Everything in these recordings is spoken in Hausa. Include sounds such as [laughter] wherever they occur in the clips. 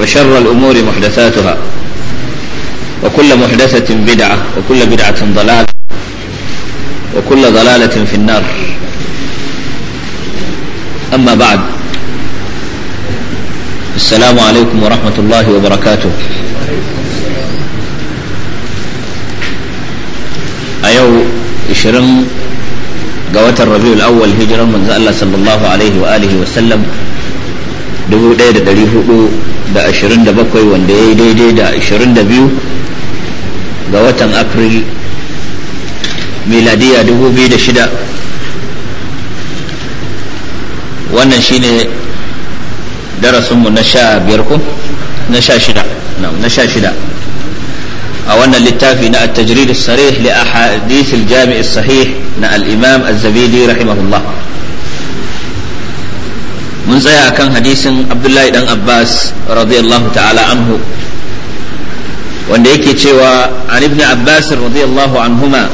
وشر الأمور محدثاتها وكل محدثة بدعة وكل بدعة ضلالة وكل ضلالة في النار أما بعد السلام عليكم ورحمة الله وبركاته أيو إشرم قوات الربيع الأول هجرة من الله صلى الله عليه وآله وسلم دبو دير دليفو da 27 wanda ya yi daidai da 22 ga watan afril miladiya 2006 wannan shine darasinmu na sha biyar ko na sha shida na sha shida a wannan littafi na at-tajrid as-sarih li ahadith al-jami' as-sahih na al-imam az-zabidi rahimahullah mun tsaya a kan hadisin abdullahi dan abbas radiyallahu ta'ala anhu wanda yake cewa an ibn abbas radiyallahu anhuma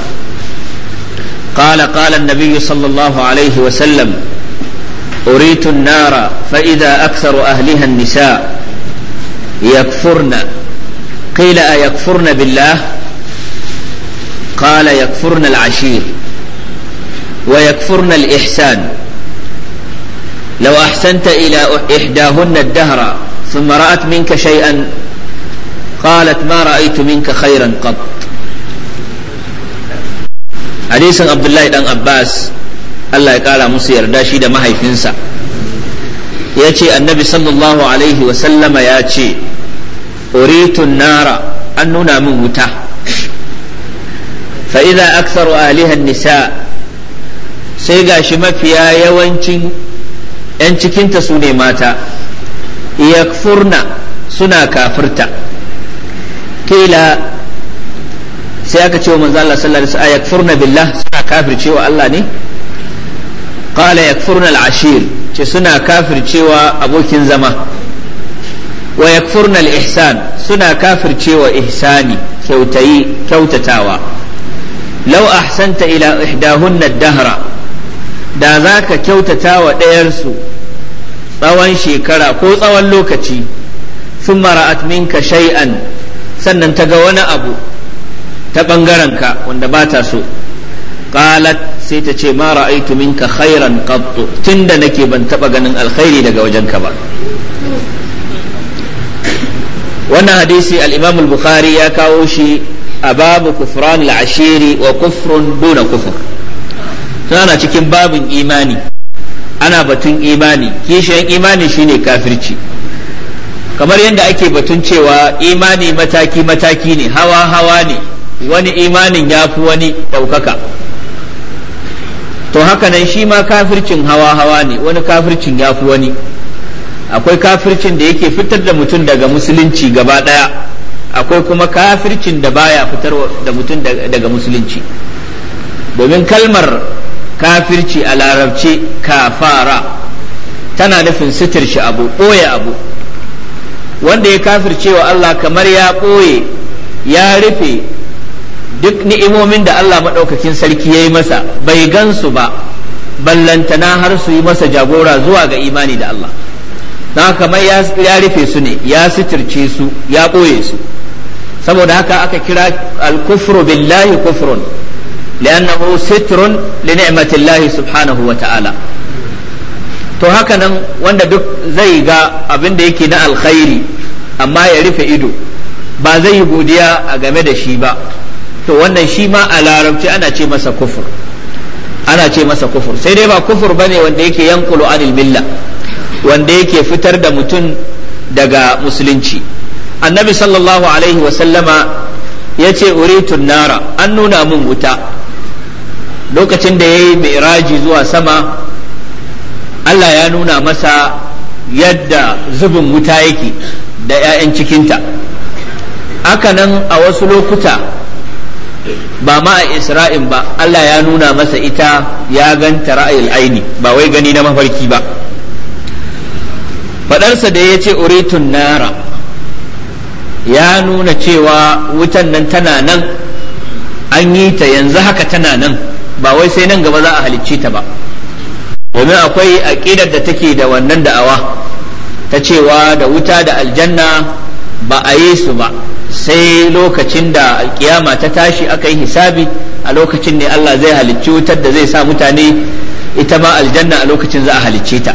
qala qala annabiyyu sallallahu alayhi wa sallam أريت النار فإذا أكثر أهلها النساء يكفرن قيل أيكفرن بالله قال يكفرن العشير ويكفرن الإحسان لو أحسنت إلى إحداهن الدهر ثم رأت منك شيئا قالت ما رأيت منك خيرا قط حديث عبد الله بن عباس الله قال مصير داشيد ما هي فنسا يأتي النبي صلى الله عليه وسلم يأتي أريت النار أننا موتة فإذا أكثر أهلها النساء سيقاش ما فيها يوانتين 'yan cikinta su ne mata yakfurna suna kafirta kila sai aka ce wa manzo Allah sallallahu alaihi wasallam yakfurna billah suna kafir cewa Allah ne qala yakfurna al-ashir ce suna cewa abokin zama wa yakfurna al-ihsan suna cewa ihsani kyautayi kyautatawa lau ahsanta ila ihdahunna ad-dahra da zaka kyautatawa ɗayarsu tsawon shekara ko tsawon lokaci sun mara'at minka shay'an sannan ta ga wani abu ta ɓangarenka wanda ba ta so qalat sai ta ce ma ra'aitu minka khairan qattu tunda nake ban taba ganin alkhairi daga wajenka ba wannan hadisi al-Imam al-Bukhari ya kawo shi a babu kufran al-ashiri wa kufrun duna kufur tana cikin babin imani ana batun imani kishiyan imani shine kafirci kamar yadda ake batun cewa imani mataki-mataki ne hawa-hawa ne wani imanin ya fi wani ɗaukaka to haka hakanan shi ma kafircin hawa-hawa ne wani kafircin ya fi wani akwai kafircin da yake fitar da mutum daga musulunci gaba ɗaya akwai kuma kafircin da baya fitar da mutum daga musulunci domin kalmar kafirci a larabci kafara tana nufin sitir shi abu ɓoye abu wanda ya kafirce wa Allah kamar ya ɓoye ya rufe duk ni'imomin da Allah maɗaukakin sarki ya yi masa bai gansu ba ballantana har su yi masa jagora zuwa ga imani da Allah don kamar ya rufe su ne ya sitirce su ya ɓoye su saboda haka aka kira alkufru billahi kufrun لأنه ستر لنعمة الله سبحانه وتعالى to haka nan wanda duk zai ga abin da yake na alkhairi amma ya rufe ido ba zai yi godiya a game da shi ba to wannan shi ma a larabci ana ce masa kufur ana ce masa kufur sai dai ba kufur bane wanda yake yankulu anil milla wanda yake fitar da mutum daga musulunci annabi sallallahu alaihi wasallama ya ce uritun nara an nuna mun wuta lokacin da ya yi miraji zuwa sama Allah ya nuna masa yadda zubin wuta yake da 'ya'yan cikinta aka nan a wasu lokuta ba ma a isra'in ba Allah ya nuna masa ita ya ganta ra'ayin aini ba wai gani na mafarki ba Faɗarsa da ya ce uritun nara ya nuna cewa wutan nan tana nan an yi ta yanzu haka tana nan ba wai sai nan gaba za a halicci ta ba domin akwai aƙidar da take da wannan da'awa ta cewa da wuta da aljanna ba a yi su ba sai lokacin da alkiyama ta tashi aka yi hisabi a lokacin ne Allah zai halicci wutar da zai sa mutane ita ma aljanna a lokacin za a halicce ta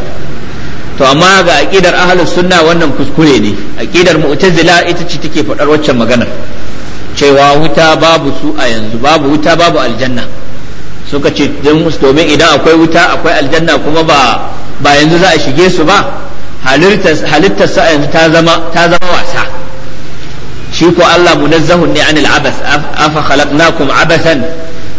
to amma ga aqidar ahlus sunna wannan kuskure ne aqidar mu'tazila ita ce take faɗar waccan maganar cewa wuta babu su a yanzu babu wuta babu aljanna suka ce domin idan akwai wuta akwai aljanna kuma ba ba yanzu za a shige su ba halittar sa yanzu ta zama ta zama wasa shi ko Allah munazzahun ne anil abas afa khalaqnakum abasan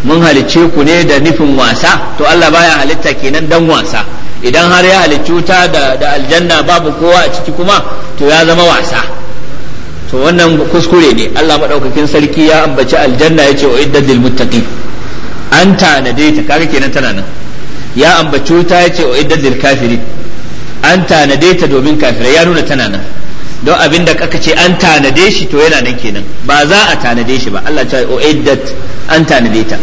mun halicce ku ne da nufin wasa to Allah baya halitta kenan dan wasa idan har ya halicci wuta da da aljanna babu kowa a ciki kuma to ya zama wasa to wannan kuskure ne Allah madaukakin sarki ya ambaci aljanna yace wa iddatil muttaqin an tanade ta kaga kenan tana nan ya ambaci wuta ya ce iddat lil kafiri an tanade ta domin kafirai ya nuna tana nan don abin da kaka ce an tanade shi to yana nan kenan ba za a tanade shi ba Allah ya ce o iddat an tanade ta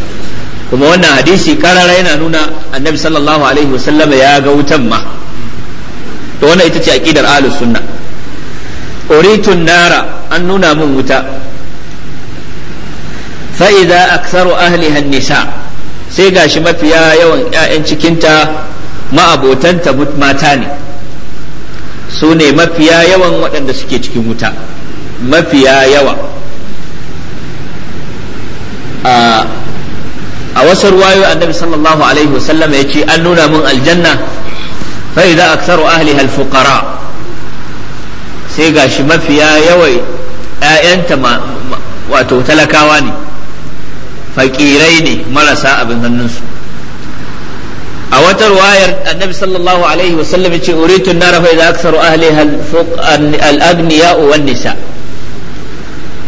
kuma wannan hadisi karara yana nuna annabi sallallahu alaihi wasallam ya ga wutan ma to wannan ita ce aqidar ahlus sunna uritun nara an nuna min wuta fa idza aktharu ahliha sai gashi mafiya yawan 'ya'yan cikinta ma'abotanta mata ne su ne mafiya yawan waɗanda suke cikin wuta mafiya yawa a wasu ruwayo annabi sallallahu alaihi wasallam ya ce an nuna mun aljanna fa'ida idza aktsaru ahliha alfuqara sai gashi mafiya yawai ƴaƴanta wato talakawa ne Fakirai ne marasa abin hannunsu a wata ruwayar annabi sallallahu alaihi wasallam ya ce uritu nara fa idza aktsaru ahliha al-aghniya wan nisa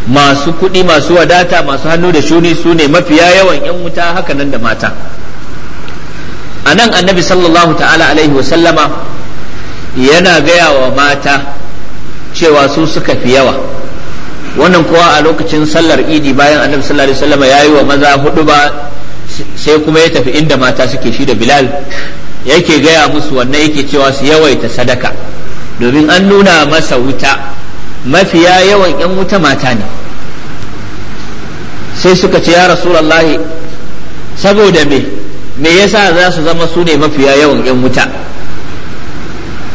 masu kuɗi masu wadata masu hannu da shuni su ne mafiya yawan yan wuta haka nan da mata a nan annabi sallallahu ta'ala alaihi wasallama yana gaya wa mata cewa su suka fi yawa wannan kowa a lokacin sallar idi bayan annabi sallallahu alaihi wasallam ya wa maza hudu ba sai kuma ya tafi inda mata suke shi da bilal yake gaya musu wannan yake cewa su yawaita sadaka domin an nuna masa wuta mafiya yawan 'yan wuta mata ne sai suka ce ya rasulullahi saboda me me yasa za su zama su ne mafiya yawan 'yan wuta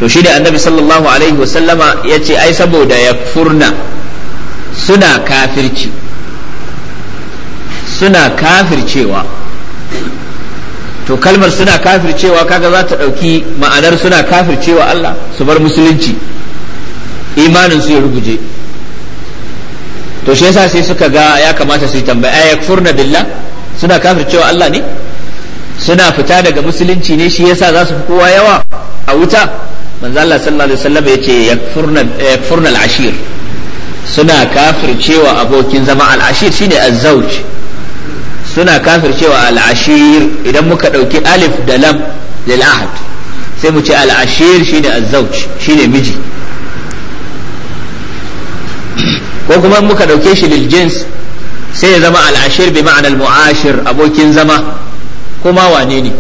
to shi da annabi sallallahu alaihi wasallama ya ce ai saboda ya furna suna kafirci suna kafircewa to kalmar suna kafircewa kaga za ta ɗauki ma'anar suna kafircewa Allah su bar musulunci imanin su ya ruguje to shi yasa sai suka ga ya kamata su yi tambaya ya furna billah suna kafircewa Allah ne suna fita daga musulunci ne shi yasa za su fi kowa yawa a wuta manzo Allah sallallahu alaihi wasallam yace yakfurna yakfurna al-ashir suna cewa abokin zama al'ashir shine azzauj suna cewa al'ashir idan muka ɗauki alif da lam lil ahad sai mu ce al'ashir shine azzauj shine miji ko kuma muka ɗauke shi lil jins sai ya zama al'ashir bi ma'anar mu'ashir abokin zama kuma wane ne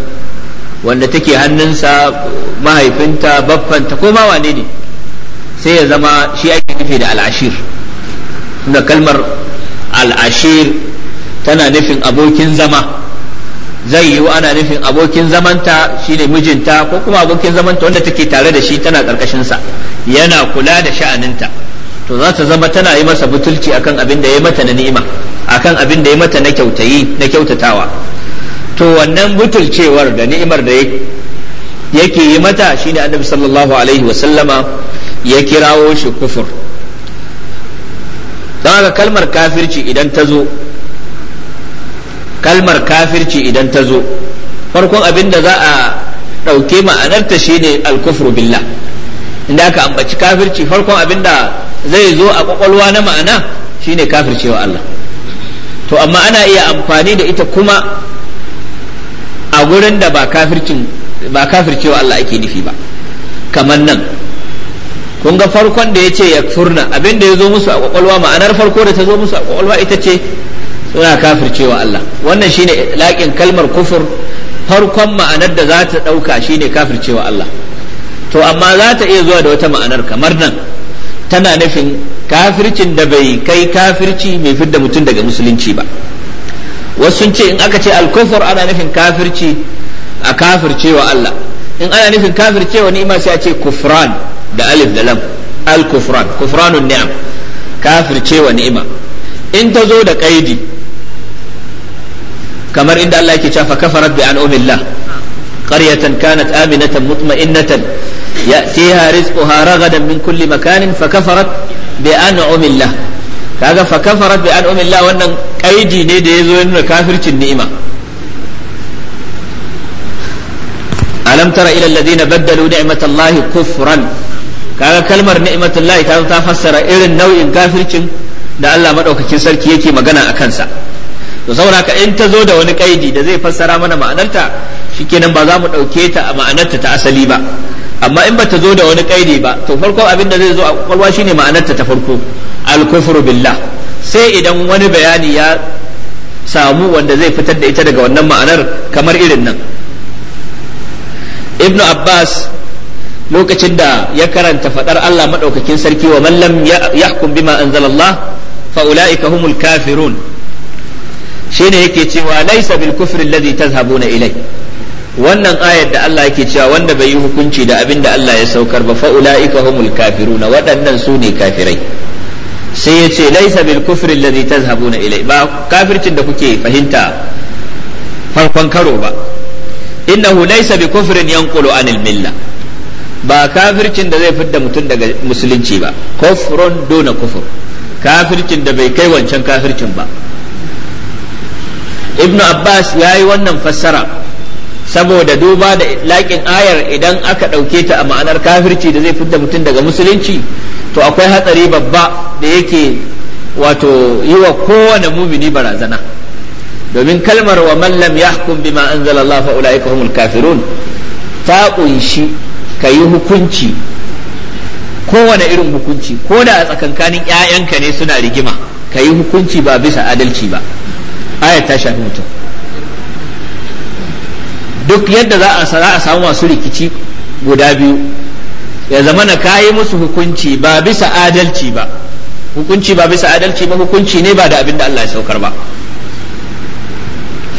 wanda take hannunsa mahaifinta baffanta ko ma wane ne sai ya zama shi ake nufi da al'ashir da kalmar al'ashir tana nufin abokin zama zai yiwu ana nufin abokin zamanta shine mijinta ko kuma abokin zamanta wanda take tare da shi tana ƙarƙashinsa yana kula da sha'aninta to za ta zama tana yi masa butulci akan abin da ya mata na ni'ima akan abin da ya mata na kyautayi na kyautatawa to wannan butulcewar da ni'imar da yake yi mata shine annabi sallallahu alaihi wa sallama ya kirawo shi kufur don haka kalmar kafirci idan ta zo kalmar kafirci idan ta zo farkon abin da za a ɗauke ma'anarta shi ne alkufur billah inda aka ambaci kafirci farkon abin da zai zo a kwakwalwa na ma'ana shi ne kafircewa Allah to amma ana iya amfani da ita kuma a gurin da ba ba kafircewa Allah ake nufi ba kamar nan kun ga farkon da ya ce ya furna abin da ya zo musu a kwakwalwa ma'anar farko da ta zo musu a kwakwalwa ita ce suna kafircewa Allah wannan shine laƙin kalmar kufur farkon ma'anar da za ta ɗauka shine kafircewa Allah to amma za ta iya zuwa da wata ma'anar kamar nan tana nufin kafircin da bai kai kafirci mai fidda mutum daga musulunci ba wasu sun ce in aka ce alkufur ana nufin kafirci a kafircewa Allah in ana nufin kafircewa ma sai a ce kufran da alif da lam al kufran kufranun ni'am kafircewa ni'ima in ta zo da kaidi kamar inda Allah yake cewa kafarat bi an'umillah qaryatan kanat aminatan mutma'innatan ya'tiha rizquha ragadan min kulli makanin fa fakafarat bi an'umillah kaga fakafarat bi an'umillah wannan kaidi ne da yazo ya nuna kafircin ni'ima alam tara ila alladhina baddalu ni'matallahi kufran kaga kalmar ni'matullahi ta ta fassara irin nau'in kafircin da Allah madaukakin sarki yake magana a kansa to saboda haka in ta zo da wani kaidi da zai fassara mana ma'anarta shikenan ba za mu dauke ta a ma'anarta ta asali ba amma in ba ta zo da wani kaidi ba to farko abin da zai zo a kwalwa shine ma'anarta ta farko al billah sai idan wani bayani ya samu wanda zai fitar da ita daga wannan ma'anar kamar irin nan ibnu abbas lokacin da ya karanta fadar Allah madaukakin sarki wa man lam yahkum bima anzalallah fa ulaika humul kafirun shine yake cewa laisa bil kufri alladhi tazhabuna ilai wannan ayar da Allah yake cewa wanda bai yi hukunci da abin da Allah ya saukar ba fa ulaika humul kafiruna waɗannan su ne kafirai sai ya ce laisa bil kufri alladhi tazhabuna ilai ba kafircin da kuke fahimta farkon karo ba innahu laysa bi kufrin yanqulu anil milla ba kafircin da zai fidda mutum daga musulunci ba kufrun duna kufur kafircin da bai kai wancan kafircin ba ibn abbas ya yi wannan fassara saboda duba da laƙin ayar idan aka ɗauke ta a ma'anar kafirci da zai fidda mutum daga musulunci to akwai hatsari babba da yake wato yi wa kowane mumini barazana domin kalmar wa mallam yahkum bima anzalallahu fa ulaika humul kafirun ta kunshi ka yi hukunci kowane irin hukunci ko da a tsakankanin 'ya'yanka ne suna rigima ka yi hukunci ba bisa adalci ba ayat ta shafi mutum duk yadda za a samu masu rikici guda biyu ya zama na kayi musu hukunci ba bisa adalci ba hukunci ba bisa adalci ba hukunci ne ba da abin da Allah ya saukar ba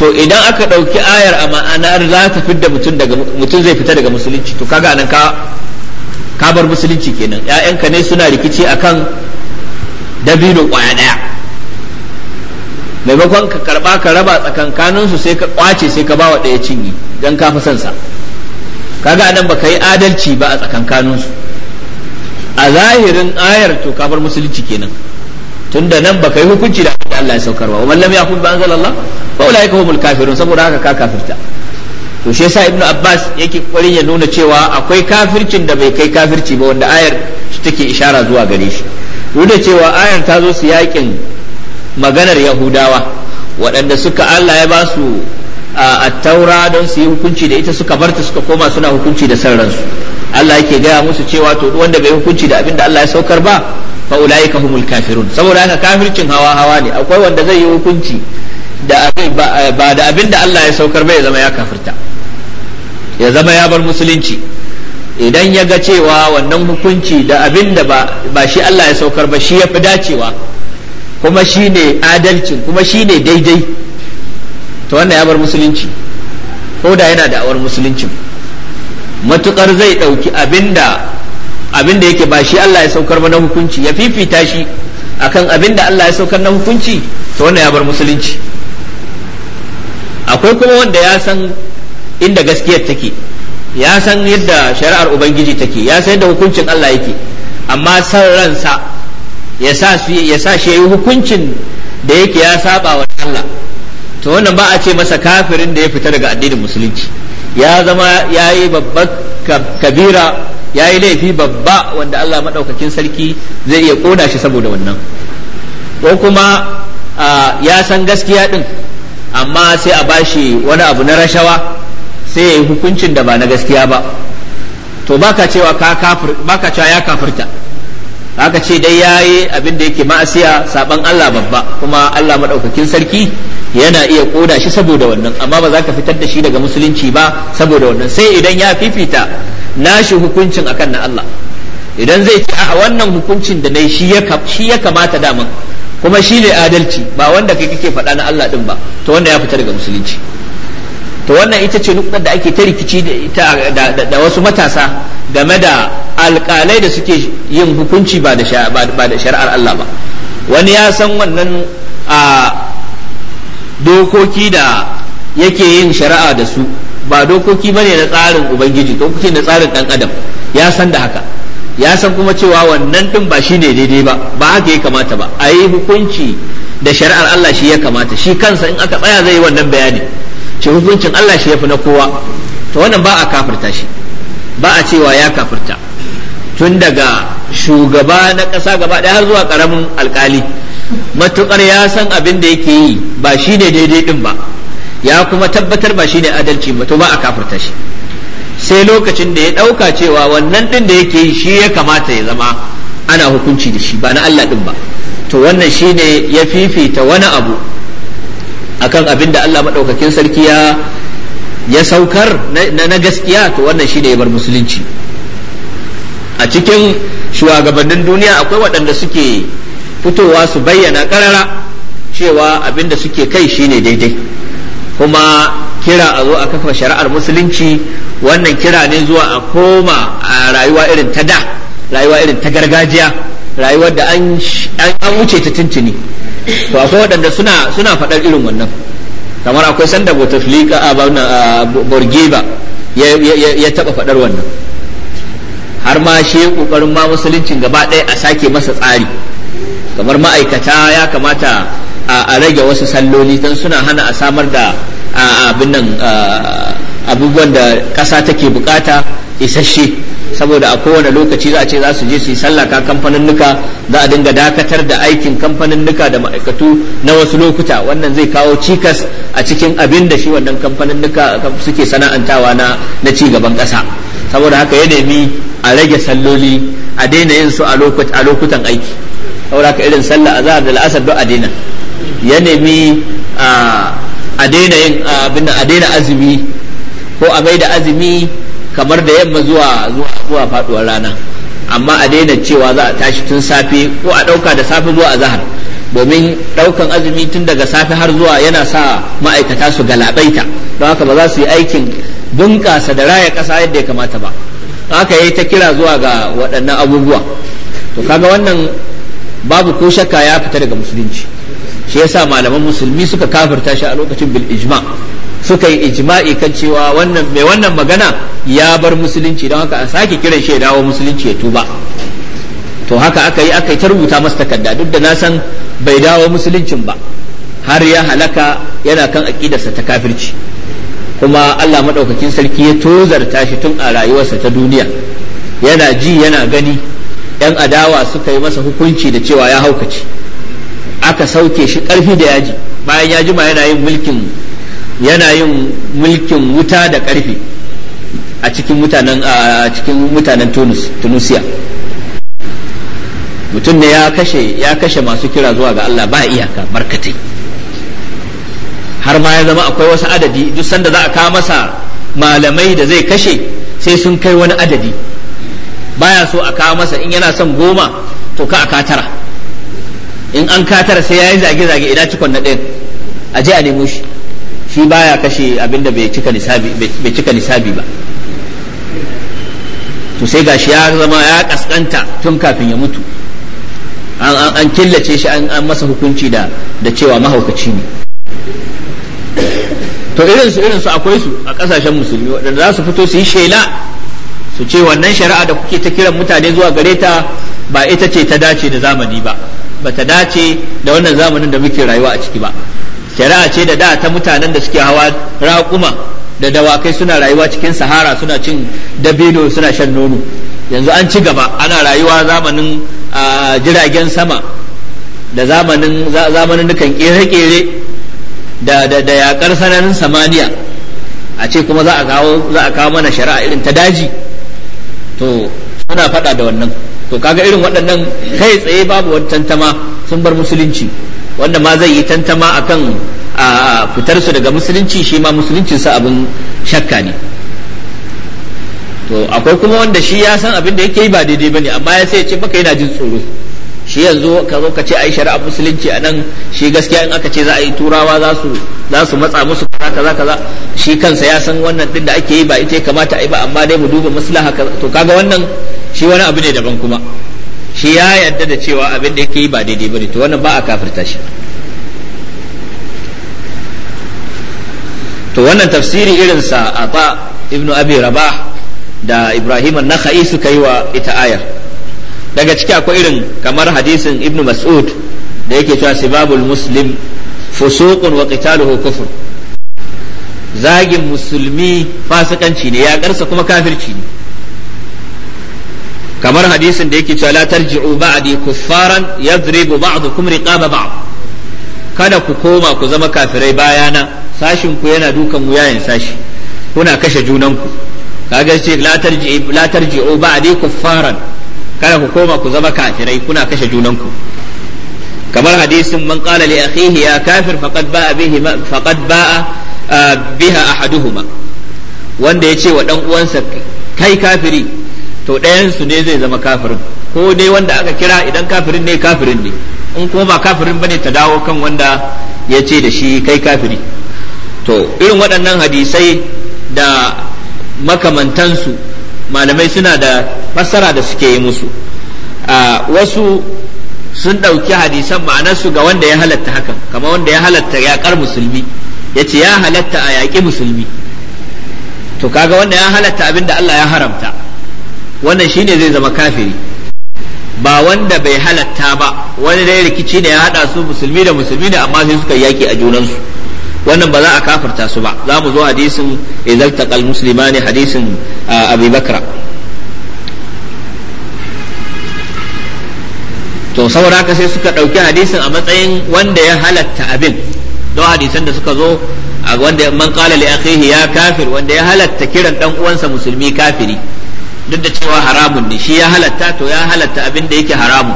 to idan aka ɗauki ayar a ma'anar za ta fidda mutum mutum zai fita daga musulunci to kaga nan ka bar musulunci kenan ƴaƴanka ne suna rikici akan dabino ƙwaya ɗaya maimakon ka karɓa ka raba tsakankanin su sai ka ƙwace sai ka bawa ɗaya cinye don ka fi son sa kaga nan baka yi adalci ba a tsakankanin su a zahirin ayar to ka bar musulunci kenan tunda nan baka yi hukunci da Allah ya saukarwa wa man lam yakun an Allah ulaika humul kafirun saboda haka ka kafirta to shi yasa ibnu abbas yake kwarin ya nuna cewa akwai kafircin da bai kai kafirci ba wanda ayar take ishara zuwa gare shi duk da cewa ayar ta zo su yakin maganar yahudawa waɗanda suka allah ya ba su a taura don su yi hukunci da ita suka barta suka koma suna hukunci da san ransu allah yake gaya musu cewa to wanda bai hukunci da abin da allah ya saukar ba fa ulaika humul kafirun saboda haka kafircin hawa hawa ne akwai wanda zai yi hukunci da eh, ba da abin da Allah ya saukar bai zama ya kafirta ya zama ya bar musulunci idan ya ga cewa wannan hukunci da abin da ba shi Allah ya saukar ba shi ya fi dacewa kuma shi ne adalcin kuma shi ne daidai to wannan ya bar musulunci ko da yana da awar musulunci matukar zai ɗauki abin da yake ba shi Allah ya saukar ba na hukunci ya fifita shi akan abin da Allah ya saukar na hukunci to wannan ya bar musulunci akwai kuma wanda ya san inda gaskiyar take ya san yadda shari'ar ubangiji take ya san yadda hukuncin Allah yake amma san ransa ya sa ya sa shi yayi hukuncin da yake ya saba wa Allah to wannan ba a ce masa kafirin da ya fita daga addinin musulunci ya zama yayi babbar kabira ya yi laifi babba wanda Allah maɗaukakin sarki zai iya koda shi saboda wannan ko kuma ya san gaskiya ɗin amma sai a bashi wani abu na rashawa sai ya yi hukuncin da ba na gaskiya ba to baka cewa ka kafir baka cewa ya kafirta aka ce dai yayi abin da yake ma'asiya saban Allah babba kuma Allah madaukakin sarki yana iya koda shi saboda wannan amma ba za ka fitar da shi daga musulunci ba saboda wannan sai idan ya fifita nashi hukuncin akan na Allah idan zai ce a wannan hukuncin da nayi shi ya kamata daman kuma shi ne adalci ba wanda kai kake faɗa na Allah ɗin ba to wanda ya fita daga musulunci to wannan ita ce nukɗar da ake ta rikici da wasu matasa game da alƙalai da suke yin hukunci ba da shari'ar Allah ba wani ya san wannan a dokoki da yake yin shari'a da su ba dokoki bane na tsarin ubangiji dokoki na tsarin ɗan adam ya san da haka ya san kuma cewa wannan din ba shi ne daidai ba ba haka ya kamata ba a yi hukunci da shari'ar Allah shi ya kamata shi kansa in aka tsaya zai yi wannan bayani ce hukuncin Allah shi ya fi na kowa to wannan ba a kafirta shi ba a cewa ya kafirta tun daga shugaba na ƙasa gaba ɗaya har zuwa ƙaramin alƙali matuƙar ya san abin da yake yi ba shi ne daidai ɗin ba ya kuma tabbatar ba shi ne adalci ba to ba a kafirta shi sai lokacin da ya ɗauka cewa wannan ɗin da yake yi shi ya kamata ya zama ana hukunci da shi ba na Allah ɗin ba to wannan shi ne ya fifita wani abu akan abin da Allah maɗaukakin sarki ya ya saukar na gaskiya to wannan shi ne ya bar musulunci a cikin shugabannin duniya akwai waɗanda suke fitowa su bayyana ƙarara cewa abin da suke kai shi ne daidai kuma kira a zo a kafa shari'ar musulunci wannan kira ne zuwa a koma a rayuwa irin ta da rayuwa irin ta gargajiya rayuwar da an wuce ta tuntuni to akwai waɗanda suna suna faɗar irin wannan kamar akwai sanda botaflika a borgeba ya taba faɗar wannan har ma shi kokarin ma musuluncin gaba ɗaya a sake masa tsari kamar ma'aikata ya kamata a rage wasu salloli don suna hana a samar da abin nan abubuwan da ƙasa take bukata isasshe saboda a kowane lokaci za a ce za su je su yi sallah ka nuka za a dinga dakatar da aikin nuka da ma'aikatu na wasu lokuta wannan zai kawo cikas a cikin abin da shi wannan nuka suke sana'antawa na na ci gaban ƙasa saboda haka ya nemi a rage salloli a daina yin su a lokutan aiki saboda haka irin sallah za da la'asar duk a daina ya nemi a daina yin abin a daina azumi ko a mai da azumi kamar da yamma zuwa zuwa faduwar rana amma a daina cewa za a tashi tun safe ko a ɗauka da safe zuwa zahar domin ɗaukan azumi tun daga safe har zuwa yana sa ma'aikata su galabaita don haka ba za su yi aikin bunƙasa da raya kasa yadda ya kamata ba haka yayi ta kira zuwa ga waɗannan abubuwa to kaga wannan babu ko shakka ya fita daga musulunci shi yasa malaman musulmi suka kafirta shi a lokacin bil ijma' suka yi ijma'i kan cewa wannan mai wannan magana ya bar musulunci don haka a sake kiran shi ya dawo musulunci ya tuba to haka aka yi aka yi ta rubuta masa takarda duk da na san bai dawo musuluncin ba har ya halaka yana kan aqidarsa ta kafirci kuma Allah maɗaukakin sarki ya tozarta shi tun a rayuwarsa ta duniya yana ji yana gani yan adawa suka yi masa hukunci da cewa ya haukace aka sauke shi ƙarfi da yaji bayan ya jima yana yin mulkin yana yin mulkin wuta da karfe a cikin mutanen a cikin mutanen Tunisia mutum ne ya kashe ya kashe masu kira zuwa ga Allah ba iyaka barkatai har ma ya zama akwai wasu adadi duk sanda za a kawo masa malamai da zai kashe sai sun kai wani adadi baya so a kawo masa in yana son goma to ka a katara in an katara sai ya yi zage-zage ina cikon na ɗaya a je a nemo shi shi baya kashe abinda bai cika nisabi bai cika nisabi ba to sai gashi ya zama ya kaskanta tun kafin ya mutu an killace shi an masa hukunci da da cewa mahaukaci ne to irin su irin su akwai su a kasashen musulmi waɗanda za su fito su yi shela su ce wannan shari'a da kuke ta kiran mutane zuwa gare ta ba ita ce ta dace da zamani ba ba ta dace da wannan zamanin da muke rayuwa a ciki ba shari'a ce da da ta mutanen da suke hawa raƙuma da dawakai suna rayuwa cikin sahara suna cin dabino suna shan nono yanzu an ci gaba ana rayuwa zamanin jiragen sama da zamanin zamanin nukan kere-kere da yaƙar yakar sanarin samaniya a ce kuma za a kawo mana shari'a irin ta daji to suna faɗa da wannan to kaga irin waɗannan kai tsaye babu wani tantama sun bar musulunci wanda ma zai yi tantama akan fitar su daga musulunci shi ma musulunci sa abin shakka ne to akwai kuma wanda shi ya san abin da yake yi ba daidai bane amma ya sai ya ce maka yana jin tsoro shi yanzu ka zo ka ce ai shari'a musulunci a nan shi gaskiya in aka ce za a yi turawa za su za su matsa musu kaza kaza kaza shi kansa ya san wannan din da ake yi ba ita ya kamata a yi ba amma dai mu duba maslaha to kaga wannan shi wani abu ne daban kuma shi ya yarda da cewa abin da yake yi ba daidai bane to wannan ba a kafirta shi to wannan tafsiri sa a ta ibn abi rabah da ibrahim an-nakhai suka yi wa ita ayar daga ciki akwai irin kamar hadisin ibn mas'ud da yake cewa sibabul muslim fusuqun wa qitaluhu kufr zagin musulmi fasikanci ne ya karsa kuma kafirci ne kamar hadisin da yake cewa la tarji'u ba'di kuffaran yadribu ba'dukum riqaba ba'd kada ku koma ku zama kafirai bayana sashin ku yana dukan wuyayen sashi kuna kashe junanku kaga ce la tarji'u la tarji'u ba'di kuffaran kada ku koma ku zama kafirai kuna kashe junanku kamar hadisin man qala li akhihi ya kafir faqad ba'a bihi faqad ba'a ah, biha ahaduhuma wanda yace wa dan uwansa kai kafiri to ɗayansu ne zai zama kafirin ko dai wanda aka kira idan kafirin ne kafirin ne in kuma ba kafirin bane ta dawo kan wanda ya ce da shi kai kafiri to irin waɗannan hadisai da makamantansu malamai suna da fassara da suke yi musu a wasu sun ɗauki hadisan ma'anarsu ga wanda ya halatta hakan kama wanda ya halatta yaƙar musulmi ya ce ya halatta a yaƙi musulmi to kaga wanda ya halatta abin da Allah ya haramta wannan shi ne zai zama kafiri ba wanda bai halatta ba wani dai rikici ne ya hada su musulmi da musulmi ne amma sai suka yaki a junansu wannan ba za a kafirta su ba za mu zo hadisin idan taqal muslimani hadisin abi bakra to saboda haka sai suka ɗauki hadisin a matsayin wanda ya halatta abin don hadisan da suka zo a wanda man qala li akhihi ya kafir wanda ya halatta kiran dan uwansa musulmi kafiri duk da cewa haramun ne shi ya halatta to ya halatta abin da yake haramun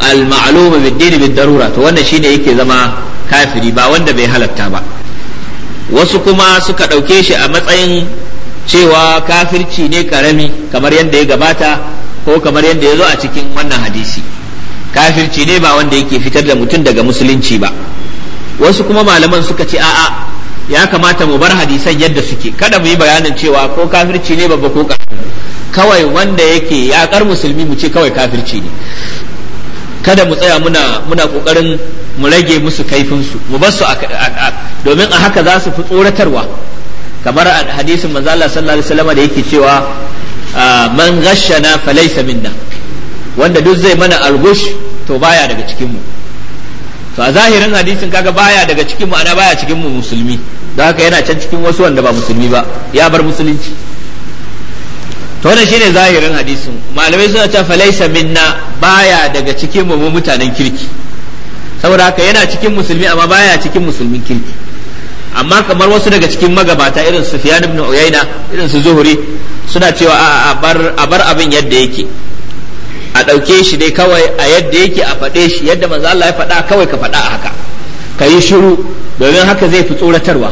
al-ma'lumu bid-dini bid-darura to wannan shine yake zama kafiri ba wanda bai halatta ba wasu kuma suka ɗauke shi a matsayin cewa kafirci ne karami kamar yadda ya gabata ko kamar yadda ya zo a cikin wannan hadisi kafirci ne ba wanda yake fitar da mutum daga musulunci ba wasu kuma malaman suka ce a'a ya kamata mu bar hadisan yadda suke kada mu yi bayanin cewa ko kafirci ne babba ko kawai wanda yake yakar musulmi mu ce kawai kafirci ne kada mu tsaya muna muna kokarin mu rage musu kaifin su mu bar su domin a haka za su fi tsoratarwa kamar hadisin manzo Allah sallallahu alaihi wasallam da yake cewa ah, man ghashana falaysa minna wanda duk zai mana algush to baya daga cikin mu to a zahirin hadisin kaga baya daga cikin mu ana baya cikin mu musulmi don haka yana can cikin wasu wanda ba musulmi ba ya bar musulunci to wannan shine zahirin hadisin malamai suna cewa falaisa minna baya daga cikin mu mutanen kirki saboda haka yana cikin musulmi amma baya cikin musulmin kirki amma kamar wasu daga cikin magabata irin Sufyan ibn Uyayna irin su Zuhri suna cewa a bar a bar abin yadda yake a dauke shi dai kawai a yadda yake a faɗe shi yadda manzo Allah ya faɗa kawai ka faɗa a haka ka yi shiru domin haka zai fi tsoratarwa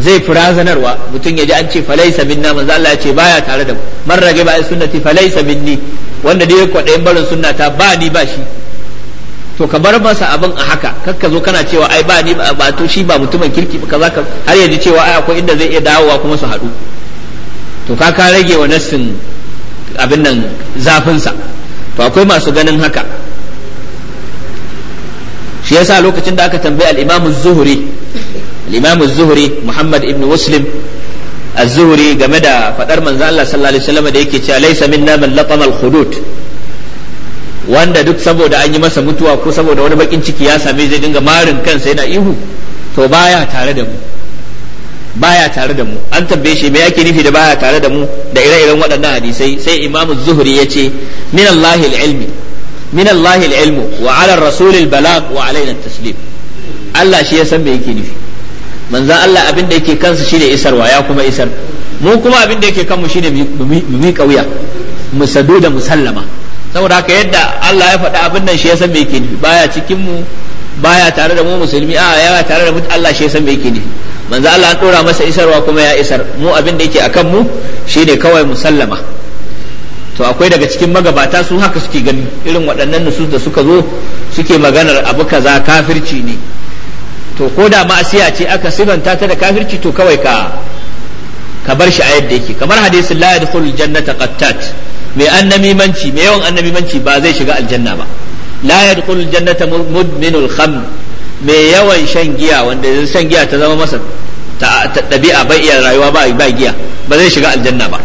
zai fi razanarwa mutum ya ji an ce falaisa minna manzo Allah ya ce baya tare da mu man rage ba sunnati falaisa minni wanda dai ya kwaɗayin barin sunnata ba ni ba shi to ka bar masa abin a haka ka zo kana cewa ai ba ni ba to shi ba mutumin kirki ba kaza har ya ji cewa ai akwai inda zai iya dawowa kuma su haɗu to ka ka rage wa nasin abin nan zafin sa to akwai masu ganin haka shi yasa lokacin da aka tambaye al-Imam zuhri al-imam zuhri muhammad ibn muslim az-zuhri game da faɗar manzo Allah sallallahu alaihi wasallam da yake cewa laysa minna naman latama al wanda duk saboda an yi masa mutuwa ko saboda wani bakin ciki ya same zai dinga marin kansa yana ihu to baya tare da mu baya tare da mu an tambaye shi me yake nufi da baya tare da mu da ire-iren waɗannan hadisai sai imamu zuhri ya ce min allahil ilmi min allahil ilmu wa ala rasulil balagh wa alaina taslim Allah shi ya san me yake nufi manzan Allah abin da yake kansa shine isarwa ya kuma isar mu kuma abin da yake kanmu shine mu mi wuya mu sadu da musallama saboda haka yadda Allah ya faɗa abin nan shi ya san me yake nufi baya cikin mu baya tare da mu musulmi a ya tare da mu Allah shi ya san me yake nufi manzo Allah an dora masa isarwa kuma ya isar mu abin da yake akan mu shine kawai musallama to akwai daga cikin magabata su haka suke gani irin waɗannan nusus da suka zo suke maganar abu kaza kafirci ne to ko da ma'asiya ce aka sibanta ta da kafirci to kawai ka ka bar shi a yadda yake kamar hadisin la yadkhulul jannata qattat mai annamimanci mai yawan annamimanci ba zai shiga aljanna ba la yadkhulul jannata mudminul kham mai yawan shan giya wanda shan giya ta zama masa ta dabi'a bai iya rayuwa ba ba giya ba zai shiga aljanna ba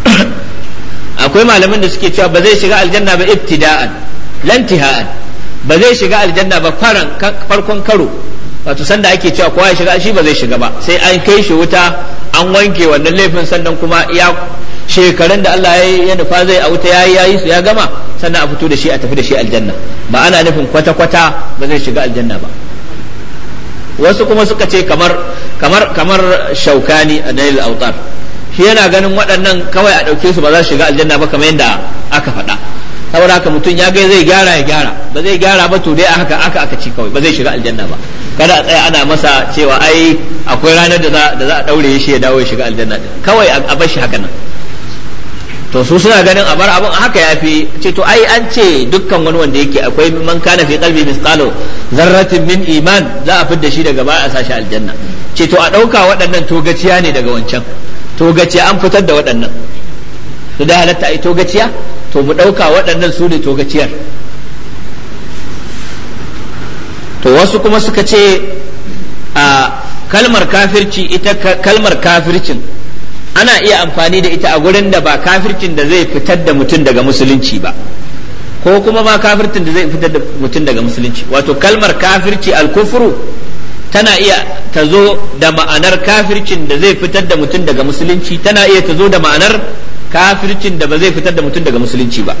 [coughs] akwai malaman da suke cewa ba zai shiga aljanna ba ibtida'an lantiha'an ba zai shiga aljanna ba faran farkon karo wato sanda ake cewa kowa ya shiga shi ba zai shiga ba sai an kai shi wuta an wanke wannan laifin sannan kuma ya shekarun da Allah ya nufa zai a wuta yayi yayi su ya gama sannan a fito da shi a tafi da shi aljanna ba ana nufin kwata kwata ba zai shiga aljanna ba wasu kuma suka ce kamar kamar kamar shaukani a dalil autar shi yana ganin waɗannan kawai a ɗauke su ba za su shiga aljanna ba kamar yadda aka faɗa saboda haka mutum ya ga zai gyara ya gyara ba zai gyara ba to dai a haka aka aka ci kawai ba zai shiga aljanna ba kada a tsaya ana masa cewa ai akwai ranar da za a daure shi ya dawo ya shiga aljanna kawai a bar shi haka nan to su suna ganin a bar abun a haka yafi ce to ai an ce dukkan wani wanda yake akwai man kana fi qalbi misqalo zarratin min iman za a da shi daga baya a sashi aljanna ce to a dauka waɗannan togaciya ne daga wancan togaciya an fitar da waɗannan to da halatta ai togaciya to mu ɗauka waɗannan su ne to gaciyar. to wasu kuma suka ce a kalmar kafirci ita kalmar kafircin ana iya amfani da ita a gurin da ba kafircin da zai fitar da mutum daga musulunci ba ko kuma ma kafircin da zai fitar da mutum daga musulunci wato kalmar kafirci alkufru tana iya ta zo da ma'anar kafircin da zai fitar da mutum daga musulunci tana iya ta zo da ma'anar kafircin da ba zai fitar da mutum daga musulunci ba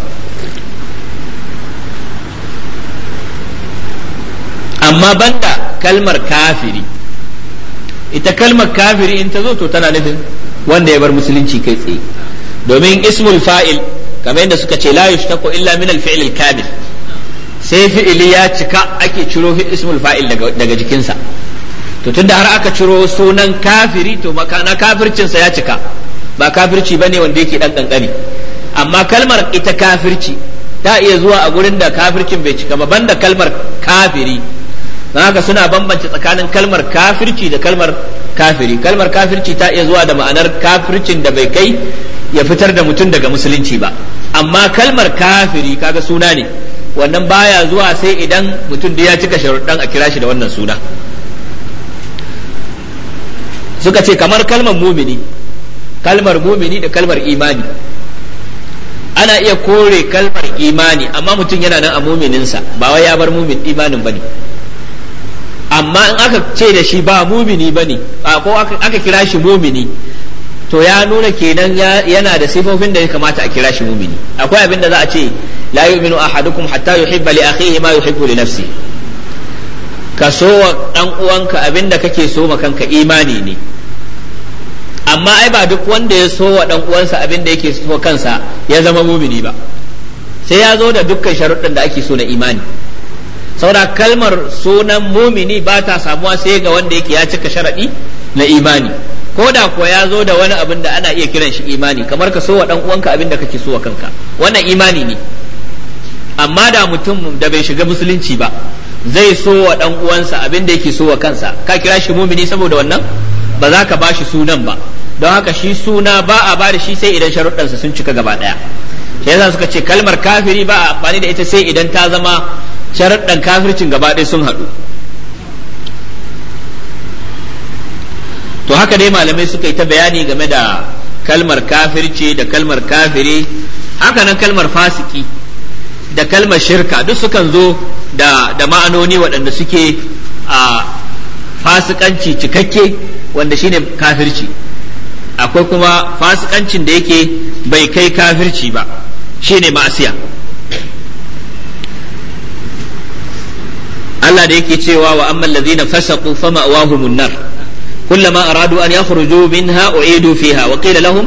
amma banda kalmar kafiri ita kalmar kafiri in ta zo to tana nufin wanda ya bar musulunci kai tsaye domin ismul fa'il kamar yadda suka ce la yushtaqu illa min al-fi'l al-kamil sai fi'ili ya cika ake ciro ismul fa'il daga jikinsa to tunda har aka ciro sunan kafiri to makana kafircinsa ya cika ba kafirci bane wanda yake dan kankani amma kalmar ita kafirci ta iya zuwa a gurin da kafircin bai cika ba banda kalmar kafiri don haka suna bambance tsakanin kalmar kafirci da kalmar kafiri kalmar kafirci ta iya zuwa da ma'anar kafircin da bai kai ya fitar da mutum daga musulunci ba amma kalmar kafiri kaga suna ne wannan baya zuwa sai idan mutum da ya cika sharuɗan a kira shi da wannan suna suka ce kamar kalmar mumini kalmar mumini da kalmar imani ana iya kore kalmar imani amma mutum yana nan a mumininsa ba wai ya bar mumin imanin bane amma in aka ce da shi ba mumini bane ko aka kira shi mumini to ya nuna kenan yana da sifofin da ya kamata a kira shi mumini akwai abin da za a ce la yu'minu ahadukum hatta yuhibba li akhihi ma yuhibbu li nafsi ka so wa dan uwanka abin da kake so ma kanka imani ne amma ai ba duk wanda ya so wa dan uwansa abin da yake so kansa ya zama mumini ba sai ya zo da dukkan sharuɗin da ake so na imani saboda kalmar sunan mumini ba ta samuwa sai ga wanda yake ya cika sharaɗi na imani ko da kuwa ya zo da wani abin da ana iya kiran shi imani kamar ka so wa dan uwanka abin da kake so wa kanka wannan imani ne amma da mutum da bai shiga musulunci ba zai so wa dan uwansa abin da yake so wa kansa ka kira shi mumini saboda wannan ba za ka ba shi sunan ba don haka shi suna ba a ba da shi sai idan sharuɗansa sun cika gaba ɗaya shi yasa suka ce kalmar kafiri ba a amfani da ita sai idan ta zama sharuɗan kafircin gaba ɗaya sun haɗu to haka dai malamai suka yi ta bayani game da kalmar kafirci da kalmar kafiri haka nan kalmar fasiki da kalmar shirka duk sukan zo da, da ma'anoni waɗanda suke a fasikanci cikakke wanda shine kafirci akwai kuma fasikancin da yake bai kai kafirci ba ne ma'asiya Allah da yake cewa wa amman ladhina fasaqu fama'wahumun nar kullama aradu an yakhruju minha u'idu fiha wa qila lahum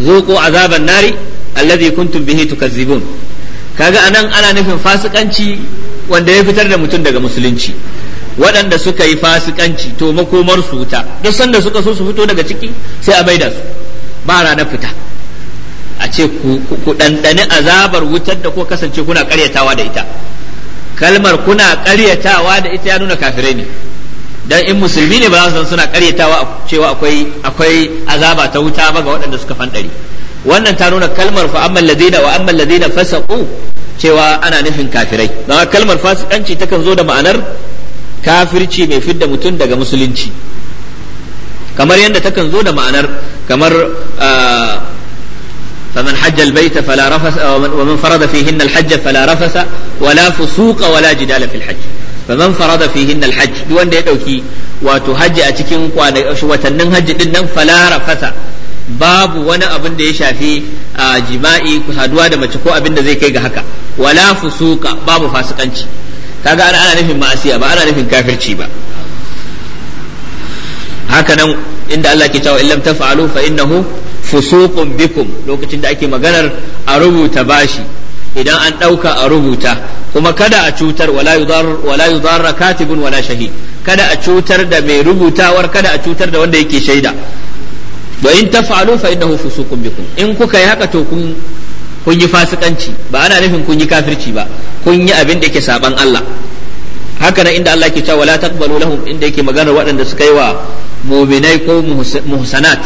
zuqu azaban nari alladhi kuntum bihi tukazzibun kaga anan ana nufin fasikanci wanda ya fitar da mutum daga musulunci waɗanda suka yi fasikanci to makomar su wuta duk sanda suka so su fito daga ciki sai a maida su ba rana fita a ce ku ɗanɗani azabar wutar da ko kasance kuna ƙaryatawa da ita kalmar kuna ƙaryatawa da ita ya nuna kafirai ne dan in musulmi ne ba za su san suna ƙaryatawa cewa akwai akwai azaba ta wuta ba ga waɗanda suka fanɗare wannan ta nuna kalmar fa amman ladina wa amman ladina fasaqu cewa ana nufin kafirai don kalmar fasikanci takan zo da ma'anar kafirci mai fidda mutum daga musulunci kamar yadda takan zo da ma'anar kamar فمن حج البيت فلا رفث ومن فرض فيهن الحج فلا رفث ولا فسوق ولا جدال في الحج فمن فرض فيهن الحج ya dauki wato a cikin watannin hajji din nan babu wani abin ya shafi a ah, jima'i da mace ko abin da zai kai ga haka wala babu kaga ana ana nufin ma'asiya ba ana nufin kafirci ba hakanan inda Allah ke cewa illam taf'alu fa innahu fusuqun bikum lokacin da ake maganar a rubuta bashi idan an ɗauka a rubuta kuma kada a cutar wala yudarra katibun wala shahi kada a cutar da mai rubutawar kada a cutar da wanda yake shaida wa in taf'alu fa innahu fusuqun bikum in kuka yi haka to kun kun yi fasikanci ba ana nufin kun yi kafirci ba kun yi abin da yake saban Allah haka nan inda Allah ke cewa la taqbalu lahum inda yake maganar waɗanda suka yi wa mu'minai ko muhsanat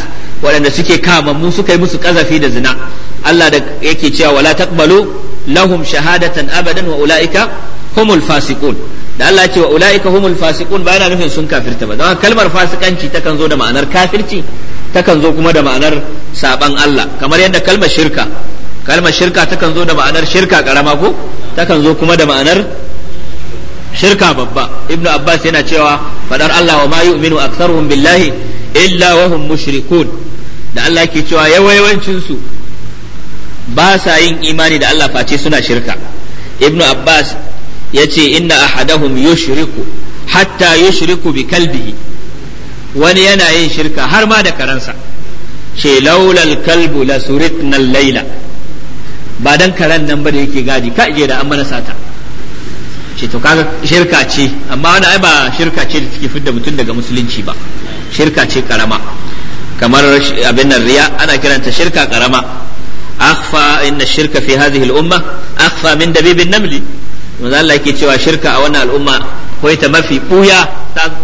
waɗanda suke kama mu suka yi musu kazafi da zina Allah da yake cewa wala taqbalu lahum shahadatan abadan wa ulaika humul fasiqun da Allah ce wa ulaika humul fasiqun ba yana nufin sun kafirta ba don kalmar fasikanci takan zo da ma'anar kafirci takan zo kuma da ma'anar saban Allah kamar yadda kalmar shirka kalmar shirka takan zo da ma'anar shirka karama ko takan zo kuma da ma'anar shirka babba ibnu abbas yana cewa fadar Allah wa ma yu'minu aktharuhum billahi illa wa hum mushrikun da Allah ke cewa yawayawancin su ba sa yin imani da Allah face suna shirka ibnu abbas yace inna ahadahum yushriku hatta yushriku bi kalbihi wani yana yin shirka har ma da karansa ce laulal kalbu la suritna laila ba dan karen nan ba da yake gadi ka je da an mana sata ce to kaga shirka ce amma wani ai ba shirka ce da take fidda mutum daga musulunci ba shirka ce karama kamar abin nan riya ana kiranta shirka karama akhfa inna shirka fi hadhihi al-umma akhfa min dabibin namli manzo Allah yake cewa shirka a wannan al'umma ko ita mafi buya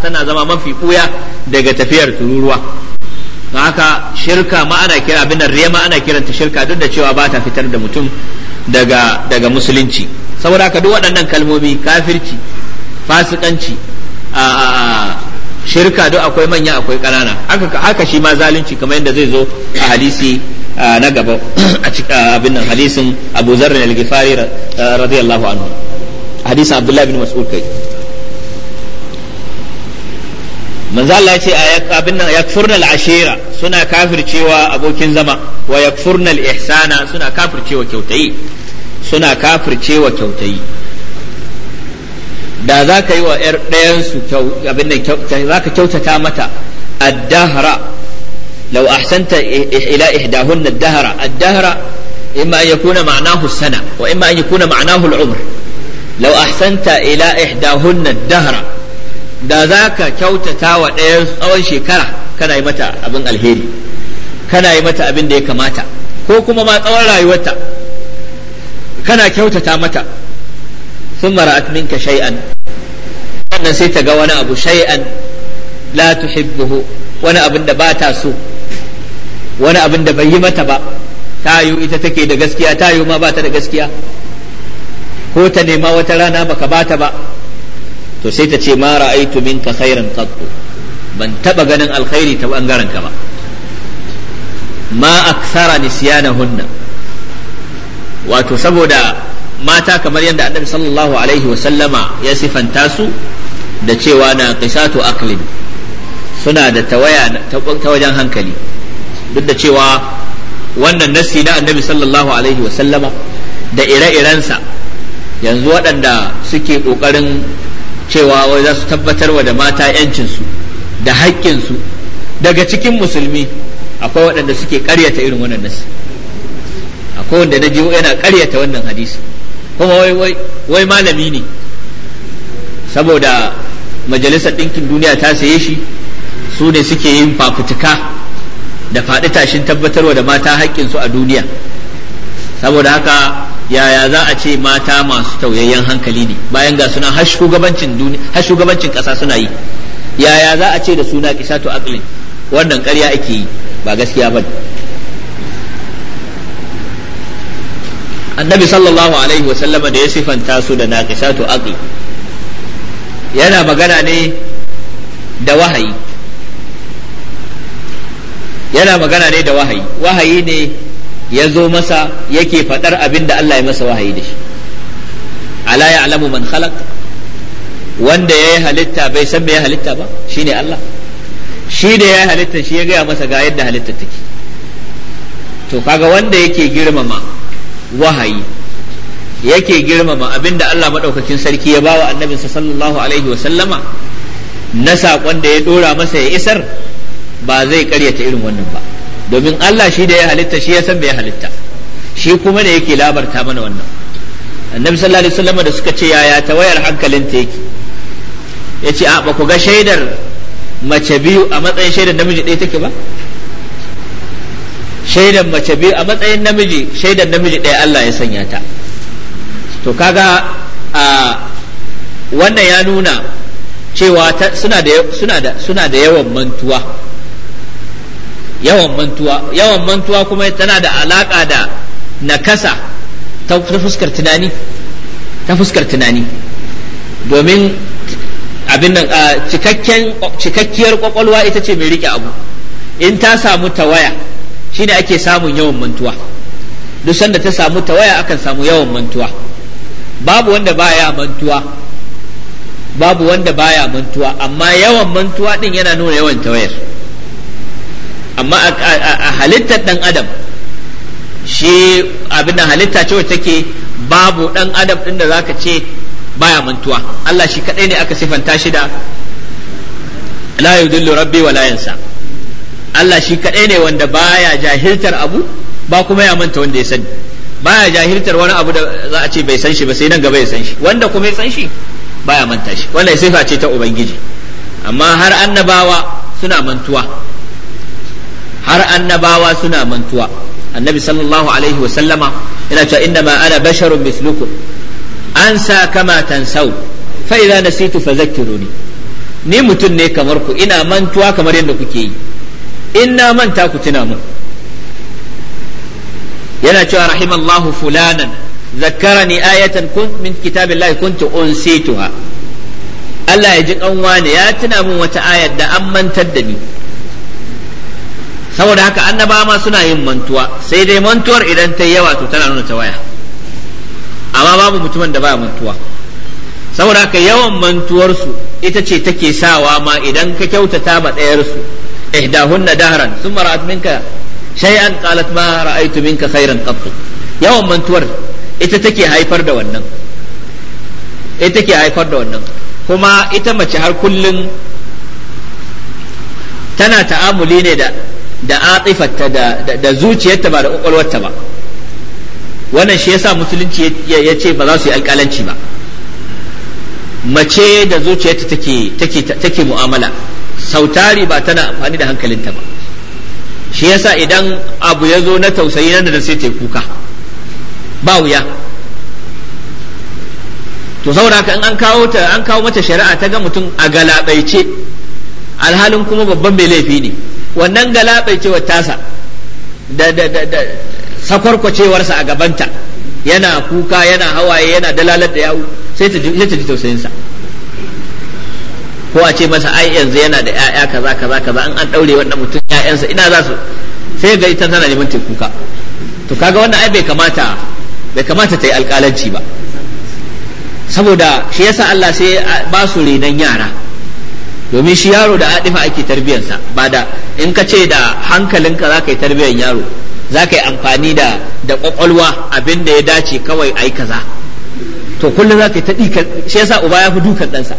tana zama mafi buya daga tafiyar tururuwa haka shirka ma ana kira abin da riya ma ana kiranta shirka duk da cewa ba ta fitar da mutum daga daga musulunci saboda haka duk waɗannan kalmomi kafirci fasikanci a shirka duk akwai manya akwai ƙanana haka haka shi ma zalunci kamar yadda zai zo a hadisi na gaba a cikin abin nan hadisin Abu Zarr al-Ghifari radiyallahu anhu hadisin Abdullah bin Mas'ud kai manzo Allah ya ce abin nan yakfurna al-ashira suna kafircewa abokin zama wa yakfurna al-ihsana suna kafircewa kyautayi suna kafircewa kyautayi da za ka yi wa ‘yar ɗayansu abin da za ka kyautata mata addahara lau ahsanta ila ihdahunna addahara addahara imma an yakuna ma'anahu sana wa imma an yakuna ma'anahu al'umr lau ahsanta ila ihdahunna addahara da za ka kyautata wa ɗaya tsawon shekara kana yi mata abin alheri kana yi mata abin da ya kamata ko kuma ma tsawon rayuwarta kana kyautata mata sun mara minka shay'an Wannan sai ta ga wani abu shay'an la tuhibbuhu wani abin da ba ta so wani abin da bai yi mata ba ta yi ita take da gaskiya ta yi ma ba ta da gaskiya ko ta nema wata rana baka bata ba to sai ta ce ma ra'aitu minka khairan qattu ban taba ganin alkhairi ta bangaren ka ba ma akthara nisyanahunna wato saboda mata kamar yadda annabi sallallahu alaihi wa sallama ya sifanta su da cewa na qisatu aqlin suna da tawaya ta wajen hankali duk da cewa wannan nasi na annabi sallallahu alaihi wa sallama da ire-irensa yanzu waɗanda suke ƙoƙarin cewa wai za su tabbatar wa da mata yancinsu da haƙƙinsu daga cikin musulmi akwai waɗanda suke ƙaryata irin wannan nasi akwai wanda na jiwo yana ƙaryata wannan hadisi kuma wai wai malami ne saboda majalisar ɗinkin duniya ta saye shi su ne suke yin fafutuka da faɗi tashin tabbatarwa da mata haƙƙinsu a duniya saboda haka yaya za a ce mata masu tauyayyen hankali ne bayan ga suna har shugabancin duniya suna yi yaya za a ce da suna to aƙlin wannan ƙarya ake yi ba gaskiya ba annabi sallallahu alaihi wa sallama da ya sifanta su da naqisatu aqli yana magana ne da wahayi yana magana ne da wahayi wahayi ne ya zo masa yake faɗar abin da Allah ya masa wahayi da shi ala ya'lamu man khalaq wanda ya yi halitta bai san me ya halitta ba shine Allah shi da ya yi halitta shi ya gaya masa ga yadda halitta take to kaga wanda yake girmama wahayi yake girmama abinda Allah maɗaukakin sarki ya bawa annabinsa sallallahu alaihi wa sallama na saƙon da ya ɗora masa ya isar ba zai ƙaryata irin wannan ba domin Allah shi da ya halitta shi ya san me ya halitta shi kuma ne yake labarta mana wannan annabi sallallahu alaihi wasallam da suka ce yaya wayar hankalin ta yake yace a ba ku ga shaidar mace biyu a matsayin shaidar namiji ɗaya take ba shaidar mace biyu a matsayin namiji shaidar namiji ɗaya Allah ya sanya ta to kaga a wannan ya nuna cewa suna da suna da suna da yawan mantuwa yawan mantuwa yawan mantuwa kuma tana da alaka da nakasa ta fuskar tunani ta fuskar tunani domin abin nan cikakken cikakkiyar kwakwalwa ita ce mai rike abu in ta samu tawaya shine ake samun yawan mantuwa duk sanda ta samu tawaya akan samu yawan mantuwa babu wanda baya mantuwa babu wanda baya mantuwa amma yawan mantuwa din yana nuna yawan tawayar amma a halittar dan adam shi abin da halitta ce wacce take babu dan adam din da zaka ce baya mantuwa Allah shi kadai ne aka sifanta shi da la yudillu rabbi wa la yansa Allah shi kadai ne wanda baya jahiltar abu ba kuma ya manta wanda ya sani baya jahiltar wani abu da za a ce bai san shi ba sai nan gaba ya san shi wanda kuma ya san shi baya manta shi wannan sifa ce ta ubangiji amma har annabawa suna mantuwa har annabawa suna mantuwa annabi sallallahu alaihi wa sallama yana cewa inda ma ana basharun mislukum ansa kama tansau fa idza nasitu fadhakkiruni ni mutum ne kamar ku ina mantuwa kamar yadda kuke yi in na manta ku tuna mun yana cewa rahimallahu fulanan zakkarani ayatan kun min kitabillahi kuntu unsituha Allah ya ji kanwa ne ya tuna min wata ayar da an mantar da ni saboda haka annaba ma suna yin mantuwa sai dai mantuwar idan ta yawa to tana nuna tawaya amma babu mutumin da baya mantuwa saboda haka yawan mantuwarsu ita ce take sawa ma idan ka kyautata ma ɗayarsu ihdahunna dahran sun ra'at minka shay'an qalat ma ra'aytu minka khairan qattu yawan mantuwar ita take haifar da wannan ita take haifar da wannan kuma ita mace har kullun tana ta'amuli ne da da atifarta da zuciyarta ba da kwakwalwarta ba wannan shi yasa musulunci ya ce ba za su yi alƙalanci ba mace da zuciyarta take mu'amala sautari ba tana amfani da hankalinta ba shi yasa idan abu ya zo na tausayi nan da sai ta kuka ba wuya to saboda haka in an kawo ta an kawo mata shari'a ta ga mutum a galabaice alhalin kuma babban mai laifi ne wannan galabaicewar tasa da da da sakwarkwacewarsa a gabanta yana kuka yana hawaye yana dalalar da yawu sai ta ji tausayinsa ko a ce masa ai yanzu yana da 'ya'ya kaza kaza kaza an an daure wannan mutum 'ya'yansa ina za su sai ga ita tana neman kuka to kaga wannan ai bai kamata bai kamata ta yi alƙalanci ba saboda shi yasa Allah sai ba su renon yara domin shi yaro da adifa ake tarbiyansa ba da in ka ce da hankalinka za ka yi yaro za ka yi amfani da da kwakwalwa abin da ya dace kawai a yi kaza to kullum za ka yi ta dukan shi yasa uba ya fi dukan ɗansa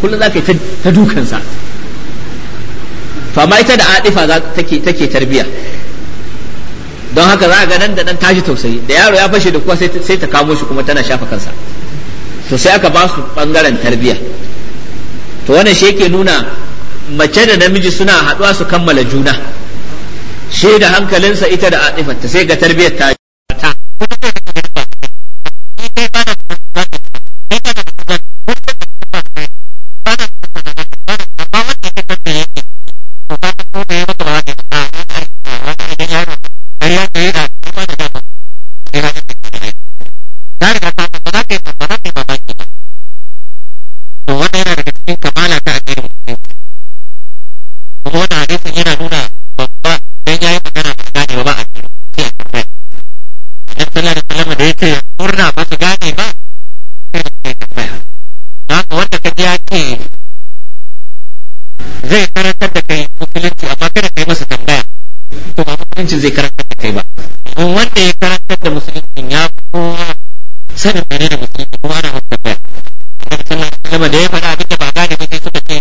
kullum za ka yi ta dukansa to amma ita da adifa take tarbiya don haka za ga nan da nan tashi tausayi da yaro ya fashe da kuwa sai ta kamo shi kuma tana shafa kansa to sai aka ba su bangaren tarbiyya to wannan shi yake nuna mace da namiji suna haɗuwa su kammala juna shi da hankalinsa ita da atifarta sai ga tarbiyyar ta murna ba su gane ba sai da ke tambaya na wanda ka ji ake zai karantar da kai musulunci amma kada kai masa tambaya to ba musulunci zai karantar da kai ba domin wanda ya karantar da musulunci ya kowa sanin mene da musulunci kuma ana masa tambaya annabi sallallahu alaihi da ya faɗa abin da ba gane ba sai suka ce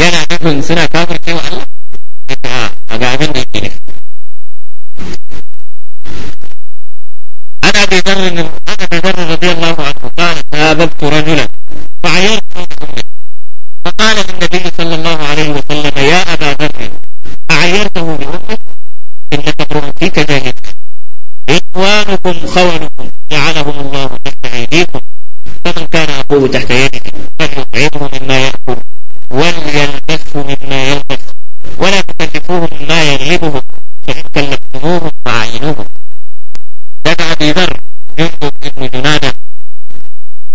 yana nufin suna wa Allah a ga abin da أبي ذر أبي ذر رضي الله عنه قال ساببت رجلا فعيرت فقال للنبي صلى الله عليه وسلم يا أبا ذر أعيرته بأمك إنك تقرأ فيك جاهلك إخوانكم خونكم جعلهم الله تحت أيديكم فمن كان يقوم تحت يده فليطعمه مما يأكل وليلبسه مما يلبس ولا تكلفوه مما يغلبه فإن كلفتموه فعينوه Khaybar a ابن جنادة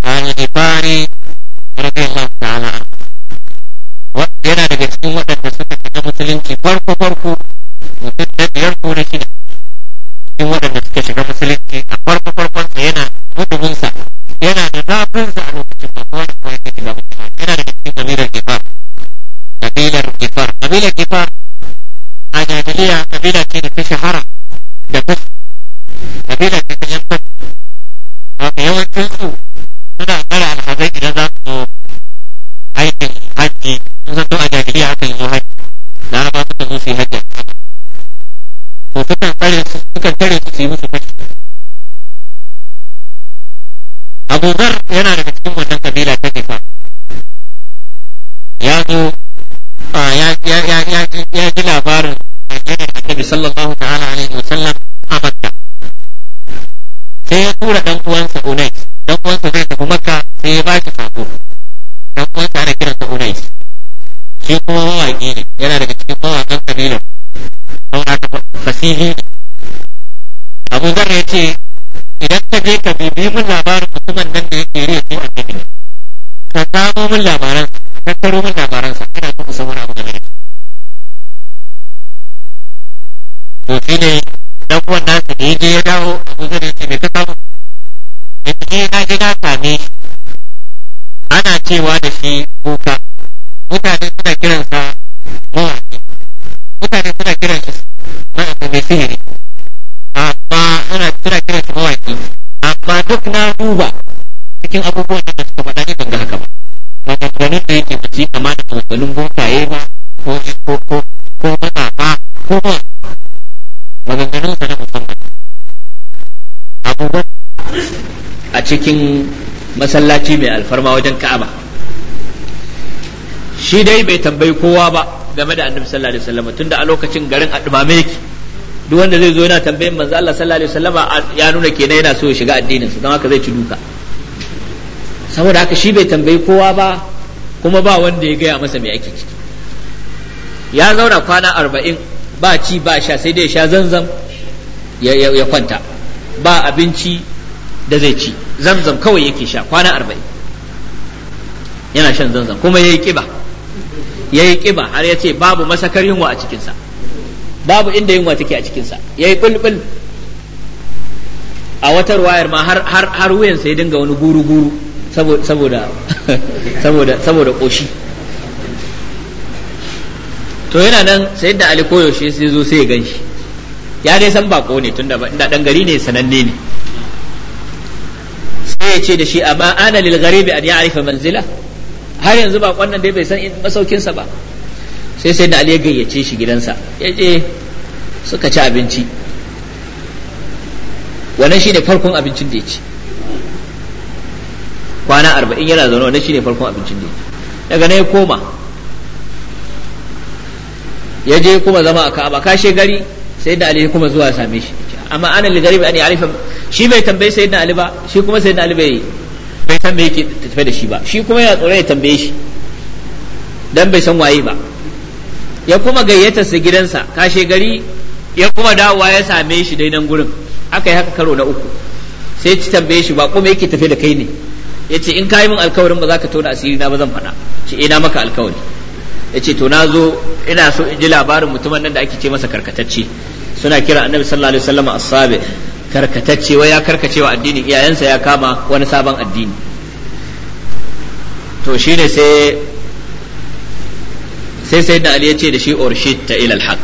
عن الغفاري رضي الله تعالى عنه yana daga cikin waɗanda suka shiga musulunci farko farko mutum na biyar ko na shida cikin waɗanda suka shiga musulunci a farko farkon sa yana mutuminsa yana da zafinsa a lokacin ba kuma da kuma yake shiga musulunci yana daga cikin kabilar gifar kabilar gifar kabilar gifar a ta shahara kabila ce ta yan fata wata yawancin su alhazai idan za su aikin hajji sun a yi na hajji su yi musu fashi yana daga cikin wannan ta ya zo ya ji labarin annabi sallallahu ta'ala alaihi wa sallam a Makka sai ya tura dan uwansa unais dan uwansa zai tafi makka sai ya ba shi sako dan uwansa ana kiran kiransa unais shi kuma mawaƙi ne yana daga cikin mawaƙan kabilar saura ta fasihi ne abu zar ya ce idan ka je ka bibi mun labarin mutumin nan da yake riya a gini ka samo mun labaran tattaro min labaransa ina so ku san wani abu game da shi to shi ne dan uwan nasa da ya je ya dawo abu zai ce mai ka samu ya ce eh, na je na same ana cewa da shi kuka mutane suna kiransa mawaki mutane suna kiran shi mai sihiri amma ana suna kiransa mawaki amma duk na duba cikin abubuwan da suka faɗa ne ban ga haka ba maganganun da yake ba su yi kama da maganganun bokaye ba ko ko ko ko matsafa ko ba maganganun sa na musamman abubuwan a cikin masallaci mai alfarma wajen ka'aba shi dai bai tambayi kowa ba game da annabi sallallahu alaihi wasallam tunda a lokacin garin a dumame yake duk wanda zai zo yana tambayin manzo Allah sallallahu alaihi wasallam ya nuna kenan yana so ya shiga addinin sa don haka zai ci duka saboda haka shi bai tambayi kowa ba kuma ba wanda ya gaya masa me ake ciki ya zauna kwana arba'in ba ci ba sha sai dai sha zanzam ya kwanta ba abinci da zai ci zanzam kawai yake sha kwana arba'in yana shan zanzam kuma ya yi ƙiba ya yi ƙiba har ya ce babu masakar yunwa a cikinsa babu inda yunwa take a cikinsa ya yi ɓulɓul a watar wayar ma har wuyansa ya dinga wani guru-guru saboda ƙoshi to yana nan sai da ali koyaushe sai zo sai ya gan shi ya dai san bako ne tunda da inda dan gari ne sananne ne sai ya ce da shi amma ana lil gharibi an ya'rifa manzila har yanzu ba nan dai bai san masaukin sa ba sai sai da ali ya gayyace shi gidansa ya je suka ci abinci wannan shine farkon abincin da ya ci kwana arba'in yana zaune wannan shine farkon abincin da ya ci daga nan ya koma ya je kuma zama a ka'aba kashe gari sai da ali kuma zuwa same shi amma ana ligari bai alifa shi bai tambaye sai da ali ba shi kuma sai da ali bai bai san me yake tafe da shi ba shi kuma ya tsoron ya tambaye shi dan bai san waye ba ya kuma gayyata su gidansa kashe gari ya kuma dawowa ya same shi daidan gurin aka yi haka karo na uku sai ci tambaye shi ba kuma yake tafe da kai ne ya ce in kayi min alkawarin ba za ka tona asiri na ba zan faɗa ce ina eh, maka alkawari yace to na zo ina so in ji labarin mutumin nan da ake ce masa karkatacce suna kira annabi sallallahu alaihi wasallam asabe karkatacce wai ya karkacewa addinin iyayensa ya kama wani sabon addini to shine sai sai sai da ali ya ce da shi urshid ta ilal alhaq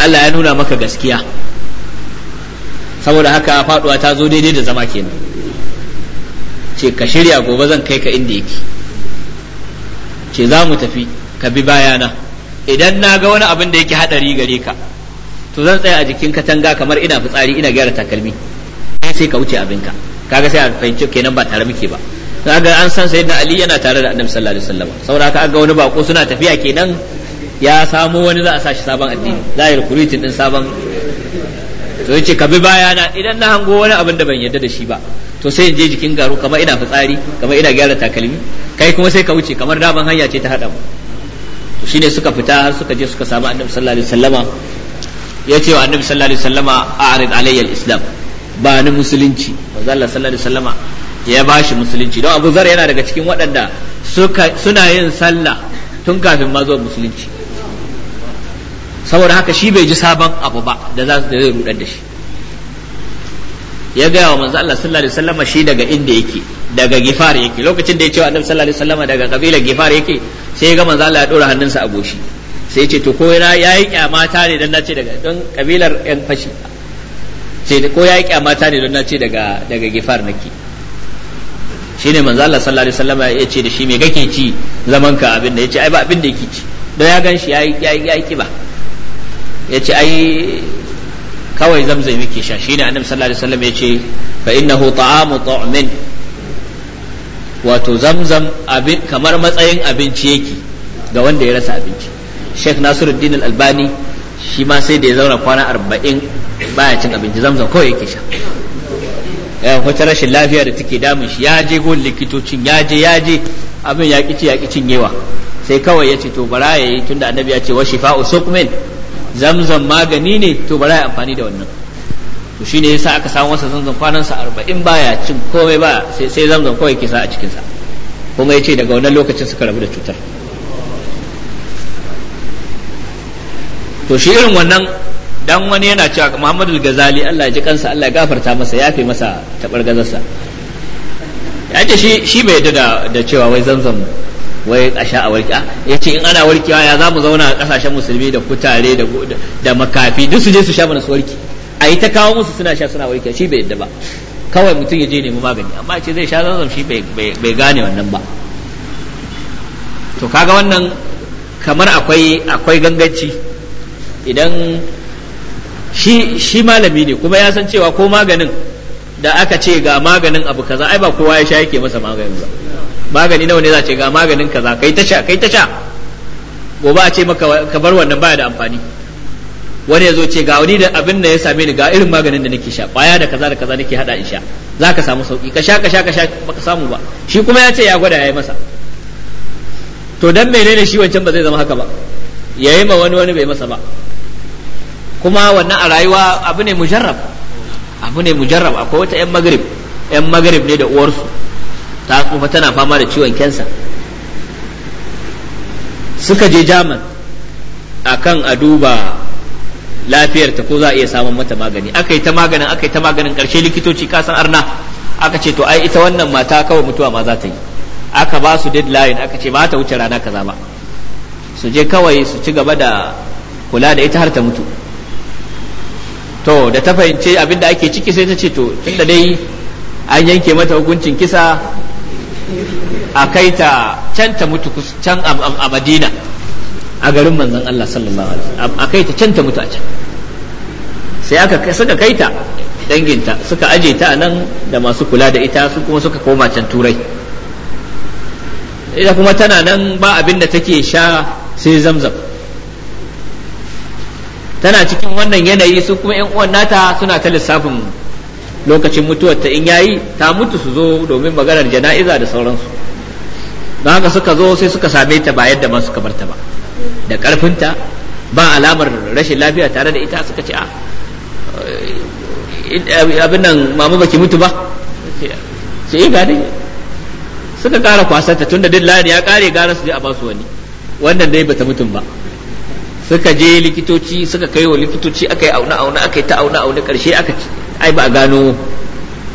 Allah ya nuna maka gaskiya saboda haka faduwa ta zo daidai da zama kenan ce ka shirya gobe zan kai ka inda yake ce za mu tafi ka bi bayana idan na ga wani abin da yake hadari gare ka to zan tsaya a jikin katanga kamar ina fitsari ina gyara takalmi sai ka wuce abinka kaga sai a fahimci kenan ba tare muke ba kaga an san sayyidina ali yana tare da annabi sallallahu alaihi wasallam saboda haka ga wani bako suna tafiya kenan ya samo wani za a sa shi sabon addini za a yi din sabon to yace ka bi bayana idan na hango wani abin da ban yarda da shi ba to sai in je jikin garo kamar ina fitsari kamar ina gyara takalmi kai kuma sai ka wuce kamar daban hanya ce ta hada mu to shine suka fita har suka je suka samu annabi sallallahu alaihi wasallama ya ce wa annabi sallallahu alaihi wasallama a'rid alayya al-islam ba ni musulunci manzo Allah sallallahu alaihi wasallama ya bashi musulunci don Abu Zar yana daga cikin waɗanda suka suna yin sallah tun kafin ma zuwa musulunci saboda haka shi bai ji sabon abu ba da za su zai rudar da shi ya gaya wa manzo Allah sallallahu alaihi wasallam shi daga inda yake daga gifar yake lokacin da ya ce wa annabi sallallahu alaihi wasallam daga kabilar gifar yake sai ga manzo Allah ya dora hannunsa a goshi sai ya ce to ko yayi kyamata ne dan nace daga don kabilar yan fashi sai ko yayi kyamata ne don nace daga daga gifar nake shine manzo Allah sallallahu alaihi wasallam ya ce da shi me kake ci zaman ka abin da yace ai ba abin da yake ci don ya gan shi yayi yayi kiba yace ai kawai zamzai muke sha shine annabi sallallahu alaihi wasallam yace fa innahu ta'amu ta'min wato zamzam abin kamar matsayin abinci yake ga wanda ya rasa abinci Sheikh Nasiruddin Al-Albani shi ma sai da ya zauna kwana arba'in baya cin abinci zamzam kawai yake sha ya wata rashin lafiya da take damun shi ya je gon likitocin ya je ya je abin ya ci ya ki cinyewa sai kawai ya ce to bara yayi tunda annabi ya ce wa shifa'u sukmin zamzam magani ne to ba za amfani da wannan to shine yasa aka samu masa zamzam kwanan sa 40 baya cin komai ba sai sai zamzam kawai ke sa a cikin sa kuma yace daga wannan lokacin suka rabu da cutar to shi irin wannan dan wani yana cewa Muhammadu Gazali Allah ya ji kansa Allah ya gafarta masa ya fi masa tabar gazarsa ya ce shi bai da cewa wai zamzam wai a sha a warke ah, ya ce in ana warkewa ya za mu zauna a kasashen musulmi da kutare da makafi duk su je su sha mana su warke a yi ta kawo musu suna sha suna warke shi bai yadda ba kawai mutum ya je nemi magani amma ce zai sha zanzam shi bai gane wannan ba to kaga wannan kamar akwai akwai ganganci idan shi shi malami ne kuma ya san cewa ko maganin da aka ce ga maganin abu kaza ai ba kowa ya sha yake masa maganin ba magani nawa ne za ce ga maganin kaza kai ta sha kai ta sha gobe a ce maka ka bar wannan baya da amfani wani ya zo ce ga wani da abin da ya same ni ga irin maganin da nake sha kwaya da kaza da kaza nake hada in sha za ka samu sauki ka sha ka sha ka sha baka samu ba shi kuma ya ce ya gwada ya yi masa to dan menene shi wancan ba zai zama haka ba ya yi ma wani wani bai masa ba kuma wannan a rayuwa abu ne mujarrab abu ne mujarrab akwai wata yan magrib yan magrib ne da uwarsu ta kuma tana fama da ciwon kensa suka je jaman akan a duba lafiyarta ko za a iya samun mata magani aka yi ta maganin aka yi ta maganin karshe likitoci kasan arna aka ce to ai ita wannan mata kawai mutuwa ma za ta yi aka ba su deadline aka ce ba ta wuce rana kaza ba su je kawai su ci gaba da kula da ita har ta mutu to da ta fahimce abin da ake ciki sai ta ce to tunda dai an yanke mata hukuncin kisa a kai ta can ta mutu can a madina a garin manzon Allah sallallahu alaihi wasallam a kai ta can ta mutu a can sai aka suka kai ta danginta suka aje ta nan da masu kula da ita su kuma suka koma can turai ita kuma tana nan ba abin da take sha sai zamzam tana cikin wannan yanayi su kuma yan uwan nata suna ta lissafin lokacin mutuwar ta in yayi ta mutu su zo domin maganar jana'iza da sauransu don haka suka zo sai suka same ta ba yadda ma suka barta ba da karfinta ba alamar rashin lafiya tare da ita suka ce a ah, eh, eh, abin nan mamu baki mutu ba ce yi eh, gani suka kara kwasarta tunda duk lani ya kare gara su je a basu wani wannan dai bata mutum ba suka je likitoci suka kai wa likitoci aka yi auna auna aka yi ta auna auna karshe aka ai ba a gano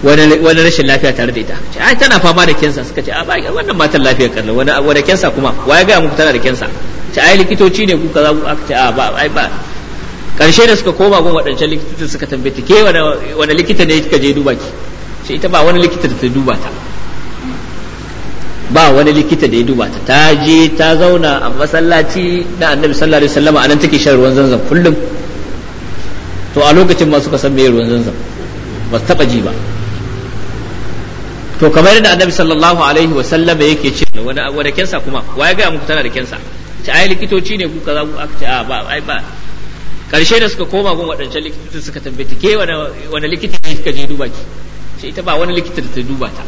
wani rashin lafiya tare da ita ce ai tana fama da kensa suka ce a ah, ba wannan matan lafiyar kallo wani wani kensa kuma waye ga muku tana da kensa ce ai likitoci ne ku kaza aka ce a ah, ba ai ba karshe da suka koma gun wadancan likitocin suka tambaye ke wani likita ne kika je duba ki ce ita ba wani likita da ta duba ta ba wani likita da ya duba ta ta je ta zauna a masallaci na annabi sallallahu alaihi wasallam anan take shan ruwan zanzan kullum to a lokacin ma suka san me ruwan zanzan ba su taba ji ba to kamar yadda annabi sallallahu alaihi wa sallam yake ce wani wani kensa kuma waye ga muku tana da kensa ta ai likitoci ne ku kaza ku aka ce a ah, ba ai ba karshe da suka koma gun waɗancan likitoci suka tambaye ke wani wani likita ne kika je duba ki ce ita ba wani likita da ta duba ta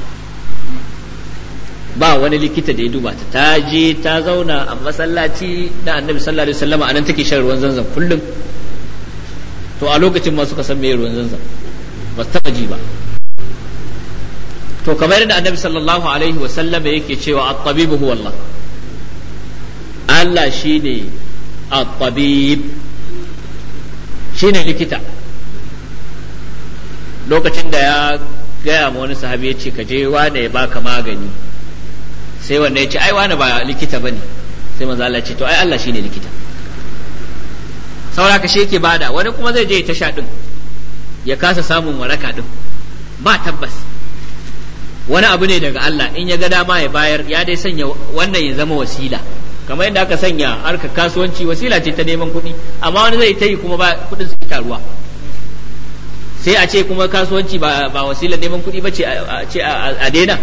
ba wani likita da ya duba ta ta je ta zauna a masallaci na annabi sallallahu alaihi wasallam anan take shan ruwan zanzan kullum to a lokacin ma suka san me ruwan zanzan ba ta ji ba to kamar yadda annabi sallallahu alaihi wa sallama yake cewa at-tabibu huwa Allah Allah shine at-tabib shine likita lokacin da ya gaya ma wani sahabi ya ce ka je wane ya baka magani sai wanda ya ce ai wane ba likita bane sai manzo Allah ce to ai Allah shine likita saboda ka shi yake bada wani kuma zai je ya tasha din ya kasa samun waraka din ba tabbas wani abu ne daga Allah in ya ga dama ya bayar ya dai sanya wannan ya zama wasila kamar yadda aka sanya harkar kasuwanci wasila ce ta neman kuɗi amma wani zai ta yi kuma ba kuɗin su taruwa sai a ce kuma kasuwanci ba wasila neman kuɗi ba ce a daina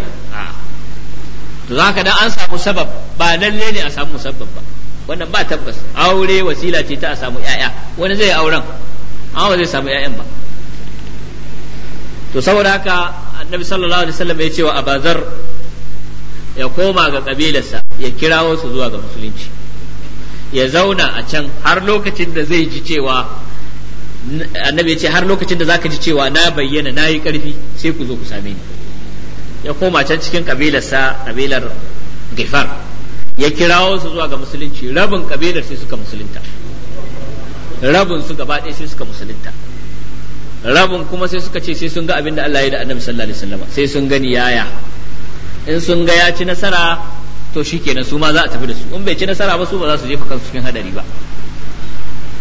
to za ka dan an samu sabab ba lalle ne a samu sabab ba wannan ba tabbas aure wasila ce ta a samu 'ya'ya wani zai auren amma ba zai samu 'ya'yan ba to saboda haka annabi sallallahu alaihi wasallam ya ce wa abazar ya koma ga kabilarsa ya kira wasu zuwa ga musulunci ya zauna a can har lokacin da zai ji cewa annabi ya ce har lokacin da zaka ji cewa na bayyana na yi karfi sai ku zo ku same ni ya koma can cikin kabilarsa kabilar gifar ya kira wasu zuwa ga musulunci rabin kabilar sai suka musulunta rabin su gaba ɗaya sai suka musulunta rabin kuma sai suka ce sai sun ga abin da Allah ya da annabi sallallahu alaihi wasallam sai sun gani yaya in sun ga ya ci nasara to shikenan su ma za a tafi da su in bai ci nasara ba su ba za su jefa kansu cikin hadari ba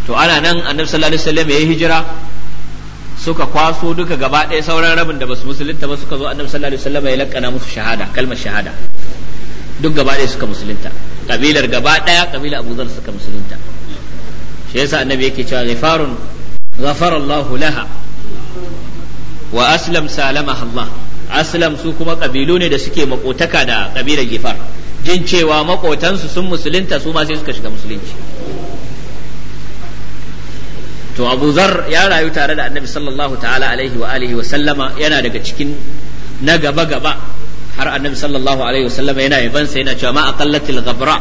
to ana nan annabi sallallahu alaihi wasallam ya yi hijira suka kwaso duka gaba ɗaya sauran rabin da basu musulunta ba suka zo annabi sallallahu alaihi wasallam ya lakkana musu shahada kalmar shahada duk gaba ɗaya suka musulunta kabilar gaba ɗaya kabila Abu Dhar suka musulunta shi yasa annabi yake cewa ghafarun ghafarallahu laha wa aslam salama Allah aslam su kuma kabilu ne da suke makotaka da kabilar gifar jin cewa makotansu sun musulunta su ma sai suka shiga musulunci to Abu Zar ya rayu tare da Annabi sallallahu ta'ala alaihi wa alihi wa sallama yana daga cikin na gaba gaba har Annabi sallallahu alaihi wa sallama yana yabansa yana cewa ma aqallatil ghabra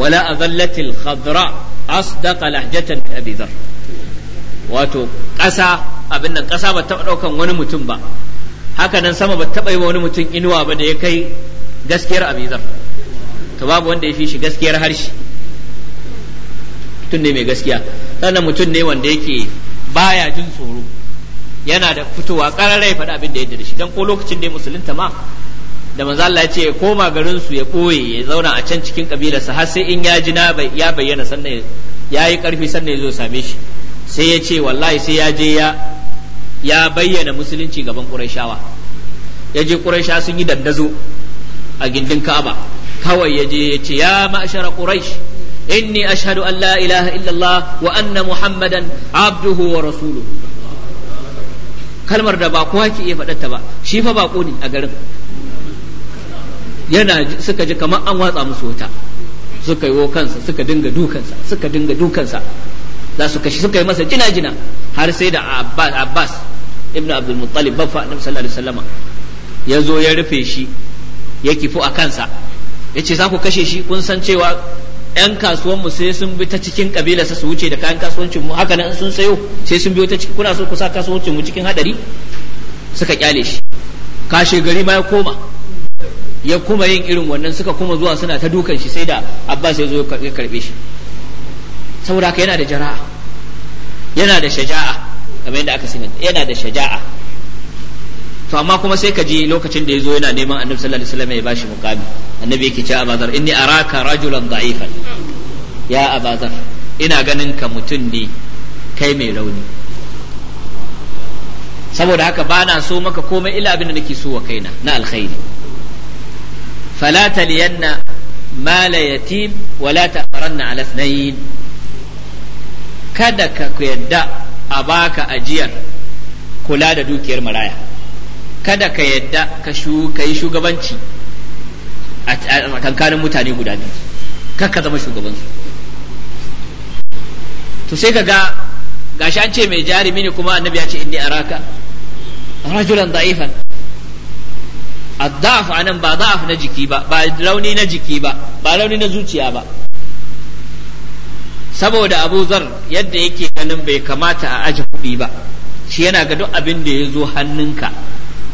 wala adhallatil khadra asdaqa lahjatan Abi Zar wato ƙasa abin nan ƙasa ba taɓa ɗaukan wani mutum ba haka nan sama ba taɓa yi wani mutum inuwa ba da ya kai gaskiyar abizar to babu wanda ya fi shi gaskiyar harshe mutum ne mai gaskiya sannan mutum ne wanda yake baya jin tsoro yana da fitowa ƙararrai faɗa abin da ya da shi dan ko lokacin da ya musulunta ma da manzo Allah ya ce ya koma garin su ya ɓoye ya zauna a can cikin kabilarsa har sai in ya ji na ya bayyana sannan ya yi ƙarfi sannan ya zo same shi sai ya ce wallahi sai ya je ya bayyana musulunci gaban ƙurashawa ya je Quraysha sun yi dandazo a gindin Ka'aba kawai ya je ya ce ya ma'ashara Quraysh inni ashhadu an la ilaha illallah wa anna muhammadan abduhu wa rasuluhu kalmar da ba kowa ke iya faɗarta ba shi fa bako ne a garin yana suka ji kamar an watsa musu wuta suka wo kansa suka dinga dukansa suka dinga dukansa za su kashi suka yi masa jina jina har sai da Abbas ibn Abdul Muttalib baffa Annabi sallallahu alaihi wasallam ya zo ya rufe shi ya kifo a kansa ya ce za ku kashe shi kun san cewa 'yan kasuwan mu sai sun bi ta cikin kabilarsa su wuce da kayan kasuwancin mu haka nan sun sayo sai sun biyo ta cikin kuna so ku sa kasuwancin mu cikin hadari suka kyale shi kashe gari ma ya koma ya kuma yin irin wannan suka kuma zuwa suna ta dukan shi sai da Abbas ya zo ya karbe shi saboda haka yana da jara'a yana da shaja'a kamar yadda aka sani yana da shaja'a to amma kuma sai ka ji lokacin da yazo yana neman annabi sallallahu alaihi wasallam ya bashi muqami annabi yake cewa abazar inni araka rajulan da'ifan ya abazar ina ganin ka mutum ne kai mai rauni saboda haka bana so maka komai ila abin da nake so wa kaina na alkhairi fala taliyanna mala yatim wala ta'aranna ala ithnayn kada ka yadda a baka ajiyar kula da dukiyar maraya kada ka yadda ka yi shugabanci a kankanin mutane guda biyu kar ka zama shugabansu to sai ka ga gashi an ce mai jarumi ne kuma annabi ya ce inni araka rajulan da'ifan a anan ba da'af na jiki ba ba rauni na jiki ba ba launi na zuciya ba saboda abu zar yadda yake ganin bai kamata a aji kuɗi ba shi yana ga duk abin da ya zo hannunka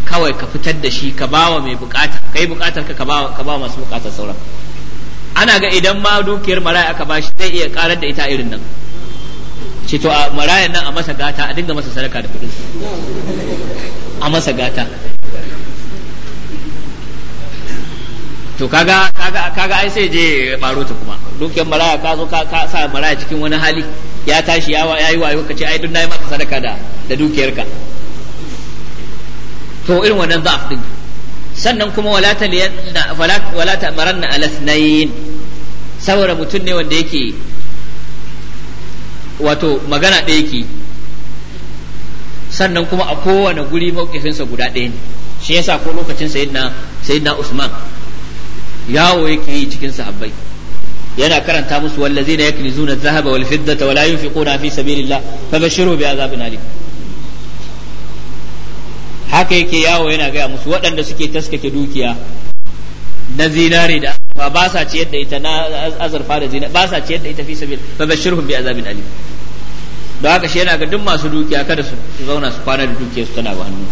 kawai ka fitar da shi ka bawa mai bukata kai bukatar ka ka bawa masu bukata sauran ana ga idan ma dukiyar maraya aka ba shi zai iya karar da ita irin nan ce to a marayan nan a masa gata a dinga masa sadaka da kuɗin a masa gata to kaga kaga kaga ai sai je baro ta kuma dukiyar maraya ka zo ka sa maraya cikin wani hali ya tashi ya yi wayo kace ai duk nayi maka sadaka da da dukiyarka to irin wannan da'af din sannan kuma wala ta wala ta maranna alasnayn saboda mutum ne wanda yake wato magana ɗaya ke sannan kuma a kowane guri mawkifinsa guda ɗaya ne shi yasa ko lokacin sayyidina sayyidina Usman yawo yake yi cikin sahabbai yana karanta musu wallazina yaknizuna zuna dhahaba wal fiddata wa la yunfiquna fi sabilillah bi azabin alim haka yake yawo yana gaya musu waɗanda suke taskake dukiya na zinare da ba ba sa ciyar da ita na azurfa da zinare ba sa ciyar da ita fi sabil fa bashirhum bi azabin alim don haka shi yana ga duk masu dukiya kada su zauna su kwana da dukiyar su tana ba hannu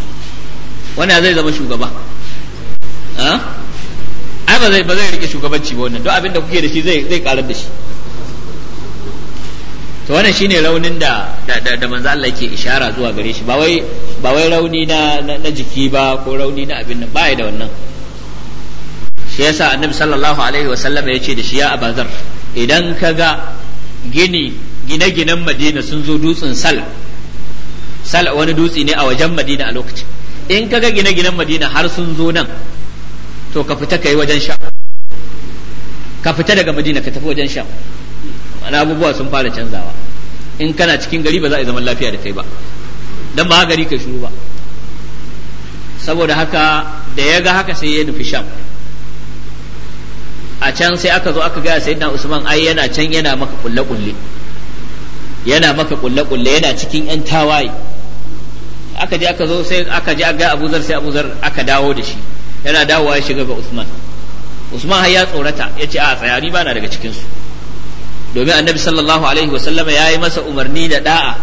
wannan zai zama shugaba ba zai ba zai rike shugabanci ba wannan duk abin da kuke da shi zai zai karar da shi to wannan shine raunin da da manzo Allah yake ishara zuwa gare shi ba wai ba wai rauni na na jiki ba ko rauni na abin nan ba da wannan shi yasa annabi sallallahu alaihi wa sallam ya ce da shi ya abazar idan kaga gini gine-ginen madina sun zo dutsen sal sal wani dutse ne a wajen madina a lokacin in kaga gine-ginen madina har sun zo nan to ka fita kai wajen sha ka fita daga madina ka tafi wajen sha wani abubuwa sun fara canzawa in kana cikin gari ba za a yi zaman lafiya da kai ba dan ba gari ka shuru ba saboda haka da ya ga haka sai ya nufi sham a can sai aka zo aka gaya na usman ai yana can yana maka kulle kulle yana maka kulle kulle yana cikin yan tawaye aka je aka zo sai aka je aka ga abuzar sai abuzar aka dawo da shi yana dawowa ya shiga ga Usman Usman har ya tsorata ya ce a tsaya ni bana daga cikinsu domin annabi sallallahu alaihi wasallama ya yi masa umarni da da'a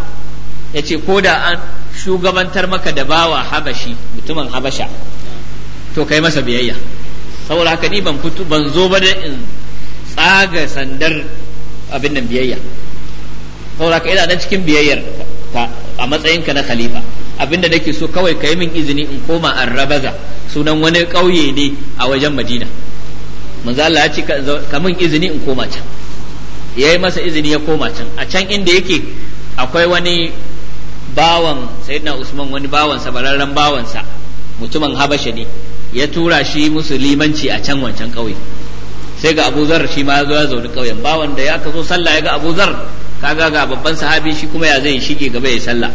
ya ce ko da an shugabantar maka da bawa habashi mutumin habasha to kai masa biyayya saboda haka ni ban fito ban zo ba da in tsaga sandar abin nan biyayya saboda haka ina nan cikin biyayyar a matsayinka na khalifa abinda nake so kawai ka yi min izini in koma arrabaza sunan wani ƙauye ne a wajen madina manzo Allah ya ce ka min izini in koma can ya yi masa izini ya koma can a can inda yake akwai wani bawan sayyidina usman wani bawan bararren bawansa mutumin habasha ne ya tura shi musulmanci a can wancan ƙauye sai ga abu zar shi ma ya zo ya zaune ƙauyen bawan da ya ka zo sallah ya ga abu zar kaga ga babban sahabi shi kuma ya zai shige gaba ya sallah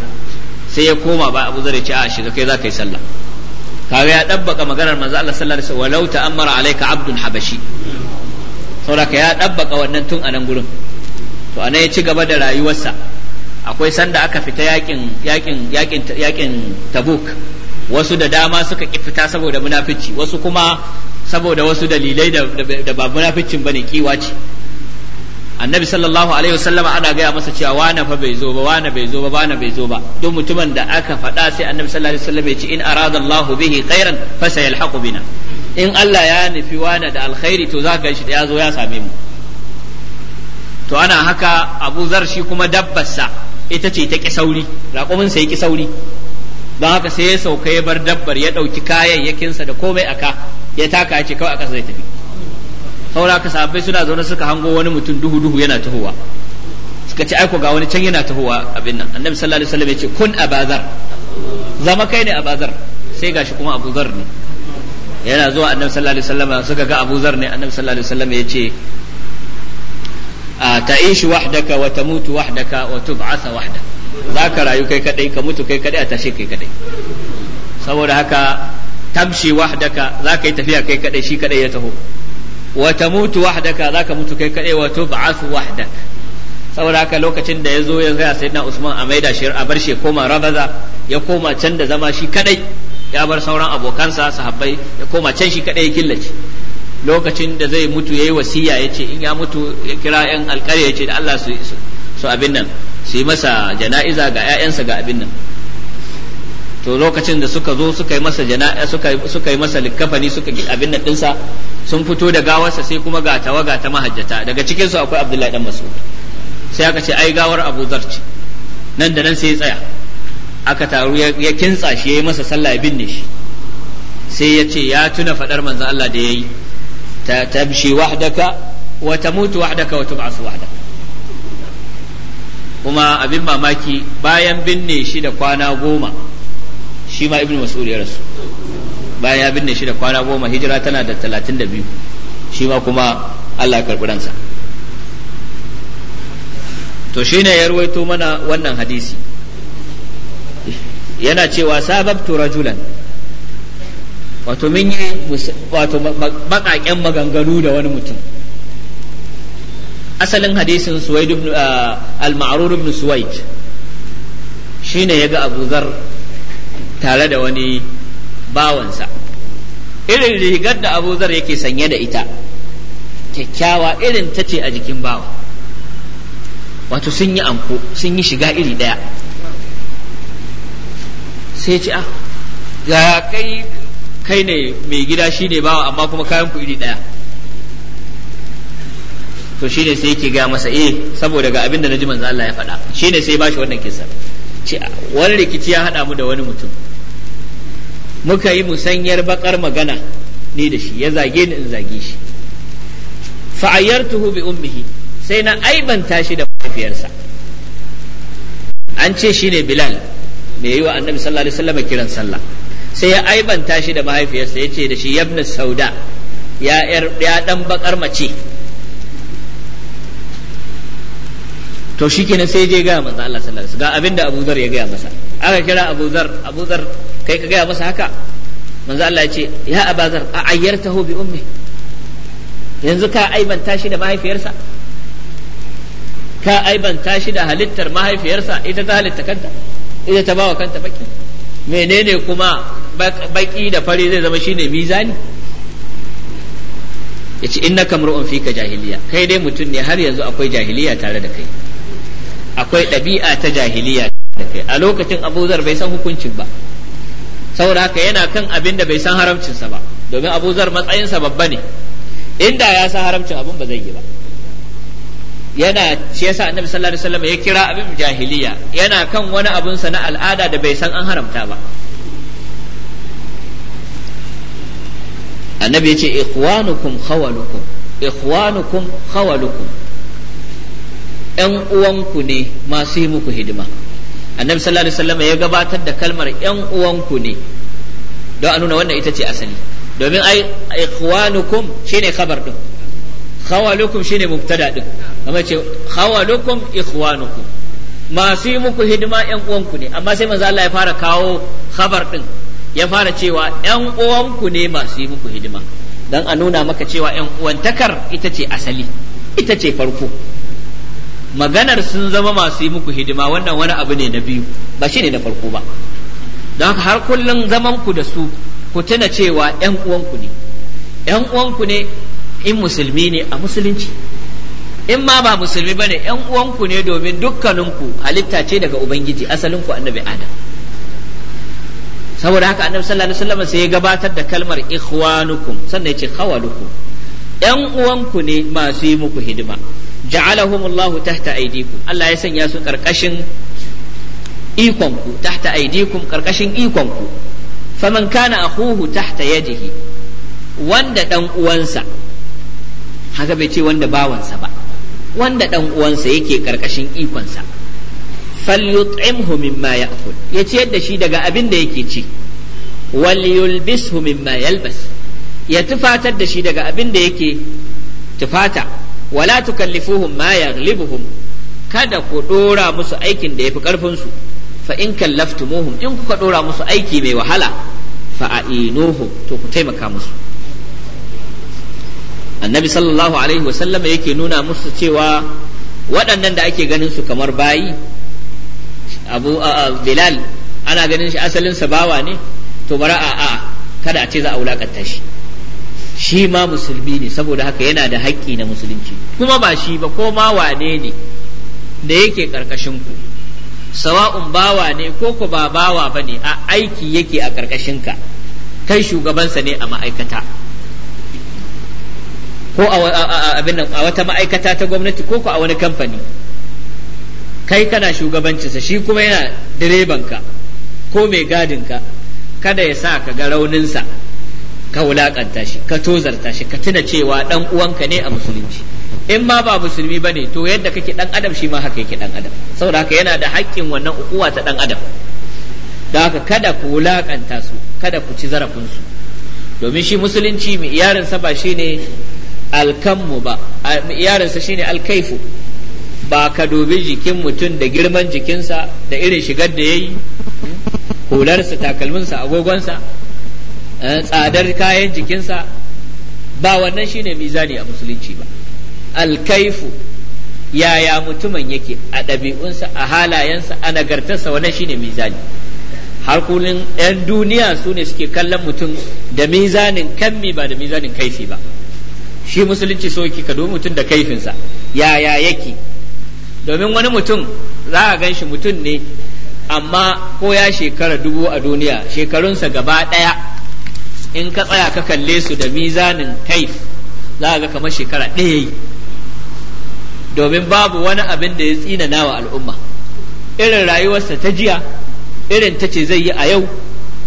sai ya koma ba Abu zai ce a shiga kai za ka yi sallah kaga ya dabbaka maganar manzo Allah sallallahu alaihi wasallam walau ta'ammara alayka abdun habashi saboda ya dabbaka wannan tun anan gurin to anan ya ci gaba da rayuwarsa akwai sanda aka fita yakin yakin yakin yakin Tabuk wasu da dama suka ki fita saboda munafici wasu kuma saboda wasu dalilai da ba munaficin bane kiwa ce annabi sallallahu alaihi wasallama ana gaya masa cewa wana fa bai zo ba wana bai zo ba wana bai zo ba duk mutumin da aka faɗa sai annabi sallallahu alaihi wasallam ya ce in arada Allah bihi khairan fa sayalhaqu bina in Allah ya nufi wana da alkhairi to za ka ganshi da ya zo ya same mu to ana haka Abu Zar shi kuma dabbarsa ita ce ta kisauri raƙumin sai kisauri don haka sai ya sauka ya bar dabbar ya ɗauki kayayyakinsa da komai aka ya taka ya ce kawai a ƙasa zai tafi saboda haka sahabbai suna zaune suka hango wani mutum duhu duhu yana tahowa suka ce aiko ga wani can yana tahowa abin nan annabi sallallahu alaihi wasallam ya ce kun abazar zama kai ne abazar sai gashi kuma abuzar ne yana zuwa annabi sallallahu alaihi wasallam suka ga abuzar ne annabi sallallahu alaihi wasallam ya ce ta'ishu wahdaka wa tamutu wahdaka wa tub'atha wahdaka zaka rayu kai kadai ka mutu kai kadai a tashi kai kadai saboda haka tamshi wahdaka zaka yi tafiya kai kadai shi kadai ya taho wa tamutu wahdaka zaka mutu kai kadai wa saboda haka lokacin da ya zo ya ga sayyidina Usman a maida shi a bar shi koma Rabaza ya koma can da zama shi kadai ya bar sauran abokansa sahabbai ya koma can shi kadai killace lokacin da zai mutu yayi wasiya yace in ya mutu ya kira yan alƙarya yace da Allah su su abin nan su yi masa jana'iza ga 'ya'yansa ga abin nan to lokacin da suka zo suka yi masa jana'a suka suka yi masa likafani suka ki abin nan dinsa sun fito da gawarsa sai kuma ga tawaga ta mahajjata daga cikin su akwai Abdullahi dan Mas'ud sai aka ce ai gawar Abu Zarci ce nan da nan sai ya tsaya aka taru ya kintsa shi ya yi masa sallah ya binne shi sai ya ce ya tuna fadar manzon Allah da yayi ta tabshi wahdaka wa tamutu wahdaka wa tub'as wahdaka kuma abin mamaki bayan binne shi da kwana goma shi ma ibnu mas'ud ya rasu bayan ya binne shi da kwana goma hijira tana da talatin da biyu shi ma kuma Allah ya karɓi ransa to ne ya ruwaito mana wannan hadisi yana cewa sababtu rajulan wato min yi wato baƙaƙen maganganu da wani mutum asalin hadisin suwaid ibn ah, al-ma'rur ibn suwaid shine yaga Abu zar tare da wani bawansa irin rigar da abu zar yake sanye da ita kyakkyawa irin ta ce a jikin bawa wato sun yi anko sun yi shiga iri ɗaya sai ce ah ga kai kai ne mai gida shi ne bawa amma kuma kayan ku iri ɗaya to shi ne sai yake gaya masa eh saboda ga abin da na ji manzo Allah ya faɗa shi ne sai ba shi wannan kisa ce wani rikici ya haɗa mu da wani mutum muka yi musanyar bakar magana ni da shi ya zage ni in zage shi fa'ayyartuhu bi ummihi sai na aibanta shi da mahaifiyarsa an ce shi ne bilal me yi wa annabi sallallahu alaihi wasallam kiran sallah sai ya aibanta shi da mahaifiyarsa ya ce da shi yabna sauda ya ya dan bakar mace to shikenan sai je ga manzo Allah sallallahu alaihi wasallam ga abinda Abu Dharr ya ga masa aka kira Abu Zar Abu Zar kai ka gaya masa haka manzo Allah ya ce ya Abu Zar a ayyartahu bi ummi yanzu ka aibanta shi da mahaifiyarsa ka aibanta shi da halittar mahaifiyarsa ita ta halitta kanta ita ta bawa kanta baki menene kuma baki da fari zai zama shine mizani yace innaka mar'un fika jahiliya kai dai mutum ne har yanzu akwai jahiliya tare da kai akwai ɗabi'a ta jahiliya da kai a lokacin Abu Zar bai san hukuncin ba saboda haka yana kan abin da bai san haramcinsa ba domin Abu Zar matsayinsa babba ne inda ya san haramcin abin ba zai yi ba yana shi yasa annabi sallallahu alaihi wasallam ya kira abin jahiliya yana kan wani abun sa na al'ada da bai san an haramta ba annabi ya ce ikhwanukum khawalukum ikhwanukum khawalukum ‘yan uwanku ne masu yi muku hidima’ annabi sallallahu alaihi wasallam ya gabatar da kalmar yan uwanku ne don a nuna wannan ita ce asali domin ai ikhwanukum shine khabar din khawalukum shine mubtada din amma ce khawalukum ikhwanukum masu yi muku hidima yan uwanku ne amma sai manzo Allah ya fara kawo khabar din ya fara cewa yan uwanku ne masu yi muku hidima dan a nuna maka cewa yan uwantakar ita ce asali ita ce farko maganar sun zama masu yi muku hidima wannan wani abu ne na biyu ba shi ne na farko ba don haka har kullum zaman ku da su ku tuna cewa ‘yan uwanku ne ‘yan uwanku ne in musulmi ne a musulunci in ma ba musulmi ba ne ‘yan uwanku ne domin dukkaninku halitta ce daga ubangiji asalinku annabi adam saboda haka annabi sallallahu alaihi wasallam sai ya gabatar da kalmar ikhwanukum sannan ya ce khawalukum ‘yan uwanku ne masu yi muku hidima ja'alahumullahu tahta aydikum Allah ya sanya su karkashin ikonku tahta aydikum karkashin ikonku faman kana akhuhu tahta yadihi wanda dan uwansa haka bai ce wanda bawansa ba wanda dan uwansa yake karkashin ikonsa falyut'imhu mimma ya'kul ya ciyar da shi daga abin da yake ci wal yulbishu mimma yalbas ya tufatar da shi daga abin da yake tufata wala tukallifuhum ma yaghlibuhum kada ku dora musu aikin da yafi karfin su fa in kallaftumuhum in kuka dora musu aiki mai wahala fa a'inuhum to ku taimaka musu annabi sallallahu alaihi wasallam yake nuna musu cewa waɗannan da ake ganin su kamar bayi abu bilal ana ganin shi asalin sa bawa ne to bara a'a kada a ce za a wulakanta shi shi ma musulmi ne saboda haka yana da haƙƙi na musulunci kuma ba shi ba ko ma wane ne da yake ƙarƙashin ku sawa'un bawa ne ko ku ba bawa ba ne a aiki yake a ƙarƙashin ka kai shugabansa ne a ma'aikata ko a wata ma'aikata ta gwamnati ko a wani kamfani kai kana shugabancinsa shi kuma yana direbanka ko mai gadinka kada ya sa ka ga rauninsa ka wulakanta shi ka tozarta shi ka tuna cewa dan uwanka ne a musulunci in ma ba musulmi ba ne to yadda kake dan adam shi ma haka yake dan adam saboda haka yana da haƙƙin wannan uwa ta dan adam da haka kada ku wulakanta su kada ku ci zarafin su domin shi musulunci yarinsa ba shine alkanmu ba shi shine alkaifu ba ka dubi jikin mutum da girman jikinsa da irin shigar da ya yi hularsa takalminsa agogonsa Eh, tsadar kayan jikinsa ba wannan shine mizani a musulunci ba alkaifu yaya mutumin yake a ɗabi'unsa a halayensa a nagartarsa wannan shine mizani har 'yan duniya su ne suke kallon mutum da mizanin kanmi ba da mizanin kaifi ba shi musulunci so yake ka mutum da kaifinsa yaya yake domin wani mutum za a gan shi mutum ne amma ko ya shekara dubu a duniya shekarunsa gaba ɗaya in ka tsaya ka kalle su da mizanin taif za ga kamar shekara ɗaya yi domin babu wani abin da ya tsina nawa al'umma irin rayuwarsa ta jiya irin ta ce zai yi a yau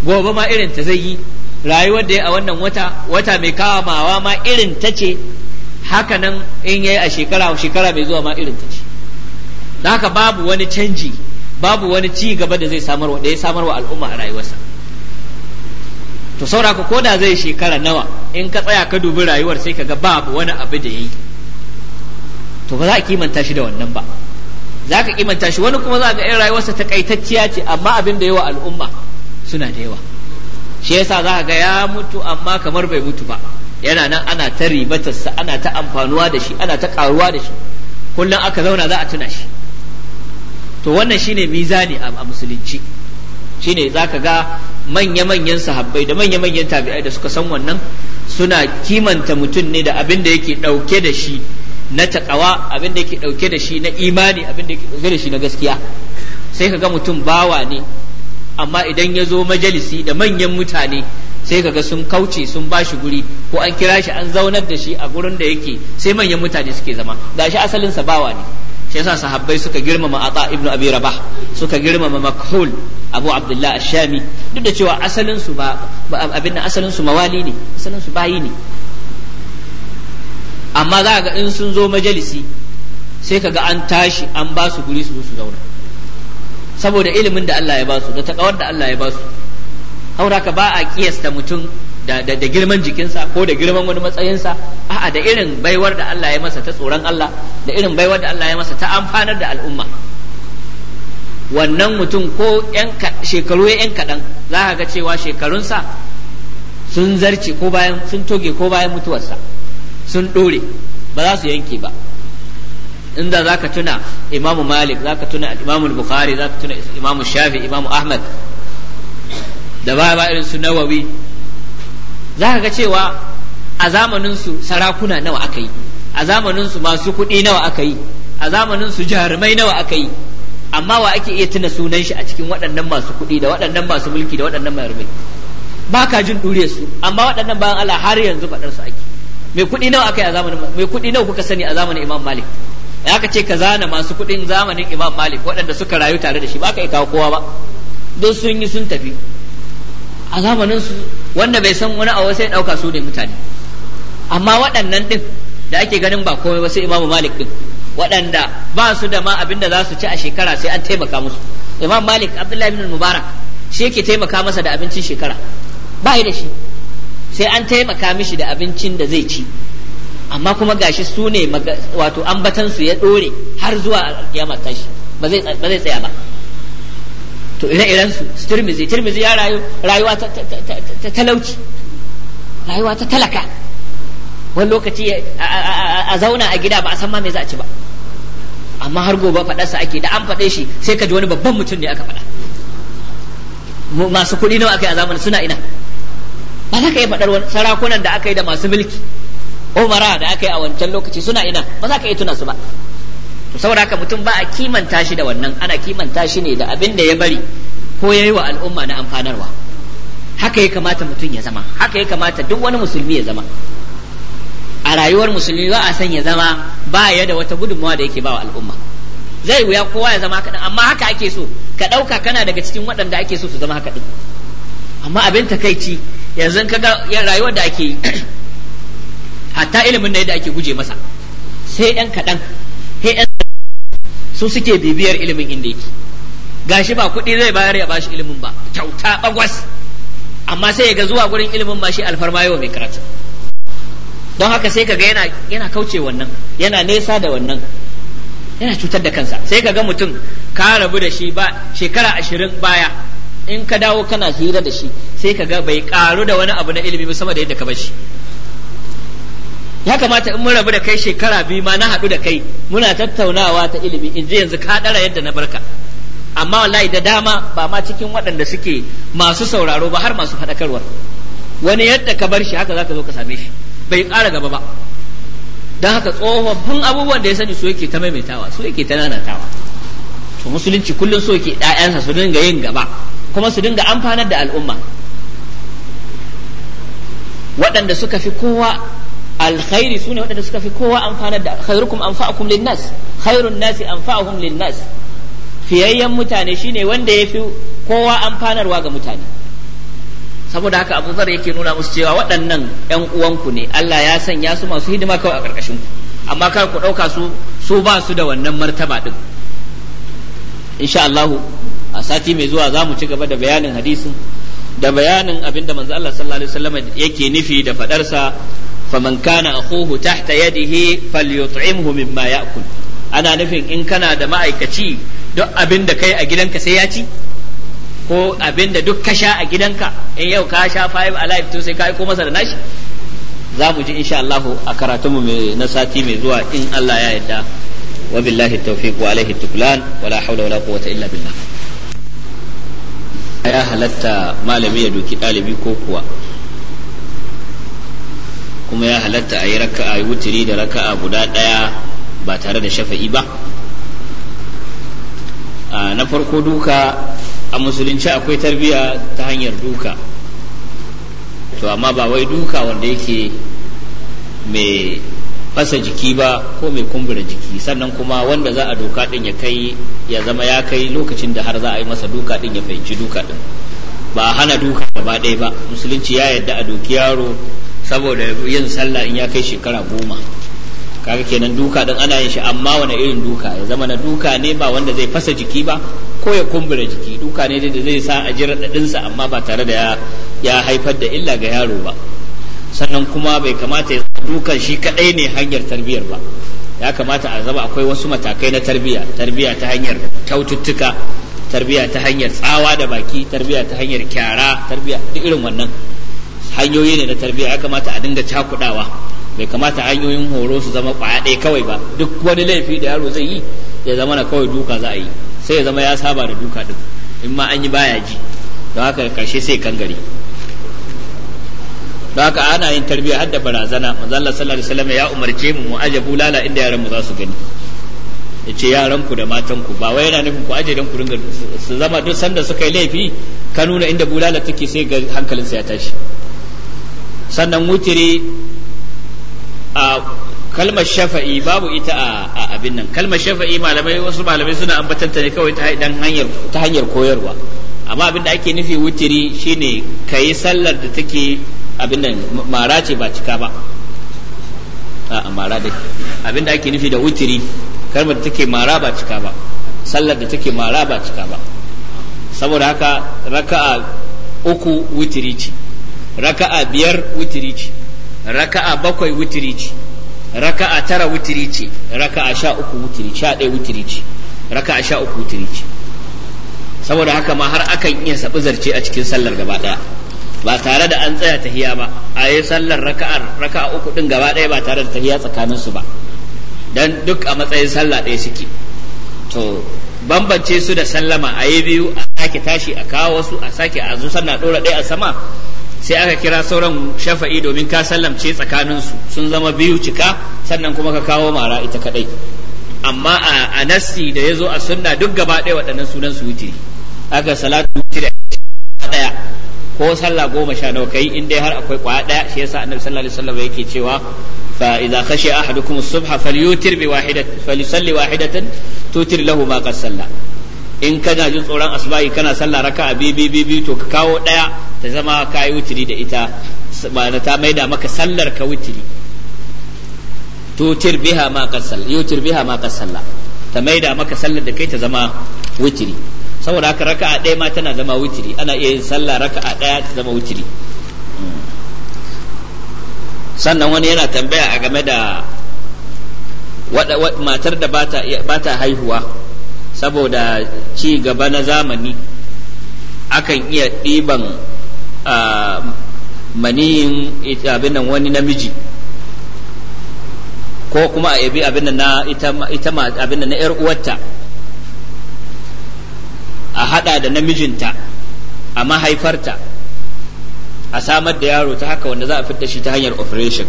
gobe ma irin ta zai yi rayuwar da ya a wannan wata wata mai kamawa ma irin ta ce haka nan in yayi a shekara shekara mai zuwa ma irin ta ce haka babu wani canji babu wani ci gaba da zai samarwa da ya samarwa al'umma a rayuwarsa to saura ko koda zai shekara nawa in ka tsaya ka dubi rayuwar sai ka ga babu wani abu da yayi to ba za a kimanta shi da wannan ba za ka kimanta shi wani kuma za ga in rayuwarsa takaitacciya ce amma abin da yawa al'umma suna da yawa shi yasa za ka ga ya mutu amma kamar bai mutu ba yana nan ana ta ribatarsa ana ta amfanuwa da shi ana ta karuwa da shi kullum aka zauna za a tuna shi to wannan shine mizani a musulunci shine za ka ga manya-manyan sahabbai da manya-manyan tabi'ai da suka san wannan suna kimanta mutum ne da abin da yake ɗauke da shi na taƙawa abin da yake ɗauke da shi na imani abin da yake ɗauke da shi na gaskiya sai ka ga mutum bawa ne amma idan ya zo majalisi da manyan mutane sai ka ga sun kauce sun ba shi guri ko an kira shi an zaunar da shi a gurin da yake sai manyan mutane suke zama gashi asalinsa bawa ne shi yasa sahabbai suka girmama ata ibnu abi rabah suka girmama makhul abu abdullah ashami duk da cewa asalin su ba abin asalin su mawali ne asalin su bayi ne amma za ga in sun zo majalisi sai kaga an tashi an ba su guri su su zauna saboda ilimin da Allah ya ba su da takawar da Allah ya ba su haura ka ba a kiyasta mutum da, da, da girman jikinsa ko da girman wani matsayinsa a'a da irin baiwar da Allah ya masa ta tsoron Allah da irin baiwar da Allah ya masa ta amfanar da al'umma wannan mutum ko shekaru ya 'yan kaɗan za ka ga cewa shekarunsa sun zarce ko bayan sun toge ko bayan mutuwarsa sun ɗore ba za su yanke ba inda za ka tuna imamu malik za ka tuna imamu bukhari za ka tuna imamu shafi imamu ahmad da ba irin su nawawi za ka ga cewa a zamaninsu sarakuna nawa aka yi a zamaninsu masu kuɗi nawa aka yi a zamaninsu jarumai nawa aka yi amma wa ake iya tuna sunan shi a cikin waɗannan masu kuɗi da waɗannan masu mulki da waɗannan jarumai ba ka jin ɗure su amma waɗannan bayan Allah har yanzu faɗar su ake mai kuɗi nawa aka yi a zamanin mai kuɗi nawa kuka sani a zamanin Imam Malik ya ka ce ka zana masu kuɗin zamanin Imam Malik waɗanda suka rayu tare da shi ba ka iya kawo kowa ba don sun yi sun tafi a zamanin su wanda bai san wani wasu sai ɗauka su ne mutane amma waɗannan ɗin da ake ganin ba komai ba sai imamu malik ɗin waɗanda ba su da ma abin da za su ci a shekara sai an taimaka musu imam malik abdullahi bin mubarak shi yake taimaka masa da abincin shekara ba da shi sai an taimaka mishi da abincin da zai ci amma kuma gashi su ne wato ambatansu ya ɗore har zuwa kiyama tashi ba zai tsaya ba to ire-iren su su tirmizi tirmizi ya rayu rayuwa ta talauci rayuwa ta talaka wani lokaci a zauna a gida ba a san ma me za a ci ba amma har gobe faɗarsa ake da an faɗe shi sai ka ji wani babban mutum ne aka faɗa masu kuɗi nawa aka yi a zamanin suna ina ba za ka iya faɗar sarakunan da aka yi da masu mulki umara da aka yi a wancan lokaci suna ina ba za ka iya tuna su ba saboda haka mutum ba a kimanta shi da wannan ana kimanta shi ne da abin da ya bari ko yayi wa al'umma na amfanarwa haka ya kamata mutum ya zama haka ya kamata duk wani musulmi ya zama a rayuwar musulmi ba a san ya zama ba ya da wata gudunmawa da yake ba wa al'umma zai wuya kowa ya zama kaɗan amma haka ake so ka ɗauka kana daga cikin waɗanda ake so su zama haka ɗin amma abin takaici yanzu ka ga rayuwar da ake yi [clears throat] hatta ilimin da yadda ake guje masa sai ɗan kaɗan sai ɗan su suke bibiyar ilimin inda yake gashi ba kuɗi zai bayar ya bashi ilimin ba kyauta bagwas amma sai ya ga zuwa gurin ilimin ba shi alfarma yau mai karatu don haka sai kaga yana yana kauce wannan yana nesa da wannan yana cutar da kansa sai kaga mutum ka rabu da shi ba shekara ashirin baya in ka dawo kana hira da shi sai kaga bai karu da wani abu na ilimi sama da yadda ka bar shi ya kamata in mun rabu da kai shekara biyu ma na haɗu da kai muna tattaunawa ta ilimi in ji yanzu ka ɗara yadda na barka amma wallahi da dama ba ma cikin waɗanda suke masu sauraro ba har masu faɗakarwar wani yadda ka bar shi haka zaka zo ka same shi bai ƙara gaba ba don haka tsohon abubuwan da ya sani su yake ta maimaitawa su yake ta nanatawa to musulunci kullum so yake ɗayansa su dinga yin gaba kuma su dinga amfanar da al'umma waɗanda suka fi kowa alkhairi sune waɗanda suka fi kowa amfanar da khairukum anfa'akum linnas khairun nasi anfa'uhum linnas fiyayyen mutane shine wanda yafi kowa amfanarwa ga mutane saboda haka Abu Zar yake nuna musu cewa waɗannan ƴan uwanku ne Allah ya sanya su masu hidima kawai a ƙarƙashin ku amma kar ku ɗauka su su ba su da wannan martaba din insha Allah a sati mai zuwa za mu ci gaba da bayanin hadisin da bayanin abinda manzo Allah sallallahu alaihi wasallam yake nufi da fadarsa faman kana akhuhu tahta yadihi falyut'imhu mimma ya'kul ana nufin in kana da ma'aikaci duk abin da kai a gidanka ya ci ko abin da duk ka sha a gidanka in yau ka sha five alive to sai ka aiko masa da nashi za mu ji insha Allah a karatunmu na sati mai zuwa in Allah ya yarda wa billahi tawfiq wa alaihi tuklan wa la hawla wa la quwwata illa billah ya halatta malami ya doki dalibi ko kuwa kuma ya halatta a yi raka'a wutiri da raka'a guda ɗaya ba tare da shafa'i ba na farko duka a musulunci akwai tarbiyya ta hanyar duka to amma ba wai duka wanda yake mai fasa jiki ba ko mai kumbura jiki sannan kuma wanda za a doka din ya kai ya zama ya kai lokacin da har za a yi masa duka din ya fahimci duka din ba hana duka gaba ɗaya ba musulunci ya yarda a doki yaro saboda yin sallah in ya kai shekara goma kaga kenan duka din ana yin shi amma wani irin duka ya zama na duka ne ba wanda zai fasa jiki ba ko ya kumbura jiki duka ne da zai sa a ji raɗaɗinsa amma ba tare da ya haifar da illa ga yaro ba sannan kuma bai kamata ya dukan shi kaɗai ne hanyar tarbiyyar ba ya kamata a zama akwai wasu matakai na tarbiyya tarbiyya ta hanyar kyaututtuka tarbiyya ta hanyar tsawa da baki tarbiyya ta hanyar kyara tarbiyya duk irin wannan hanyoyi ne na tarbiyya ya kamata a dinga cakudawa bai kamata hanyoyin horo su zama kwaya ɗaya kawai ba duk wani laifi da yaro zai yi ya zama na kawai duka za a yi sai ya zama ya saba da duka duk in ma an yi baya ji don haka karshe sai kangare don haka ana yin tarbiyya har da barazana mazalla Allah sallallahu alaihi wasallam ya umarce mu mu aje bulala inda yaran mu za su gani ya ce yaran ku da matan ku ba wai yana nufin ku aje dan ku ringa su zama duk sanda suka yi laifi ka nuna inda bulala take sai ga hankalin ya tashi sannan wutiri a kalmar shafa'i babu ita a abin nan kalmar shafa'i malamai wasu malamai suna ambatanta ne kawai ta hanyar koyarwa amma abin da ake nufi wutiri shine ka yi sallar da take abin nan mara ce ba cika ba a mara dai abin da ake nufi da wutiri kalmar da take mara ba cika ba sallar da take mara ba cika ba saboda haka raka'a uku wutiri ce raka'a biyar wutiri ce raka'a bakwai wutiri ce raka'a tara wutiri ce raka'a sha uku wutiri sha ɗaya wutiri ce raka'a sha uku wutiri ce saboda haka ma har akan iya saɓi zarce a cikin sallar gaba ɗaya ba tare da an tsaya tahiya ba a yi sallar raka'a raka'a uku ɗin gaba ɗaya ba tare da tahiya tsakaninsu ba dan duk a matsayin sallah ɗaya suke to bambance su da sallama a yi biyu a sake tashi a kawo wasu a sake a zo sannan ɗora ɗaya a sama sai aka kira sauran shafa'i domin ka sallamce tsakaninsu sun zama biyu cika sannan kuma ka kawo mara ita kadai amma a nassi da ya zo a sunna duk gaba ɗaya waɗannan sunan su witiri aka salatu witiri ɗaya ko sallah goma sha nawa kai in dai har akwai kwaya ɗaya shi yasa annabi sallallahu alaihi yake cewa fa idza khashiya ahadukum as-subha falyutir bi wahidatin falyusalli wahidatan tutir lahu ma qad salla in kana jin tsoron asbahi kana sallah raka a bibi bibi to ka kawo daya ta zama ka yi wutiri da ita ba ta maida maka sallar ka wutiri tutir biha ma qasalla yutir biha ma qasalla ta maida maka sallar da kai ta zama wutiri saboda haka a ɗaya ma tana zama wutiri ana iya yin sallah a ɗaya ta zama wutiri sannan wani yana tambaya a game da matar da bata haihuwa saboda ci gaba na zamani akan iya ɗiban maniyin abin wani namiji ko kuma a yabi abin na ita abin na yar uwarta a hada da namijinta a mahaifarta a samar da yaro ta haka wanda za a fitar shi ta hanyar operation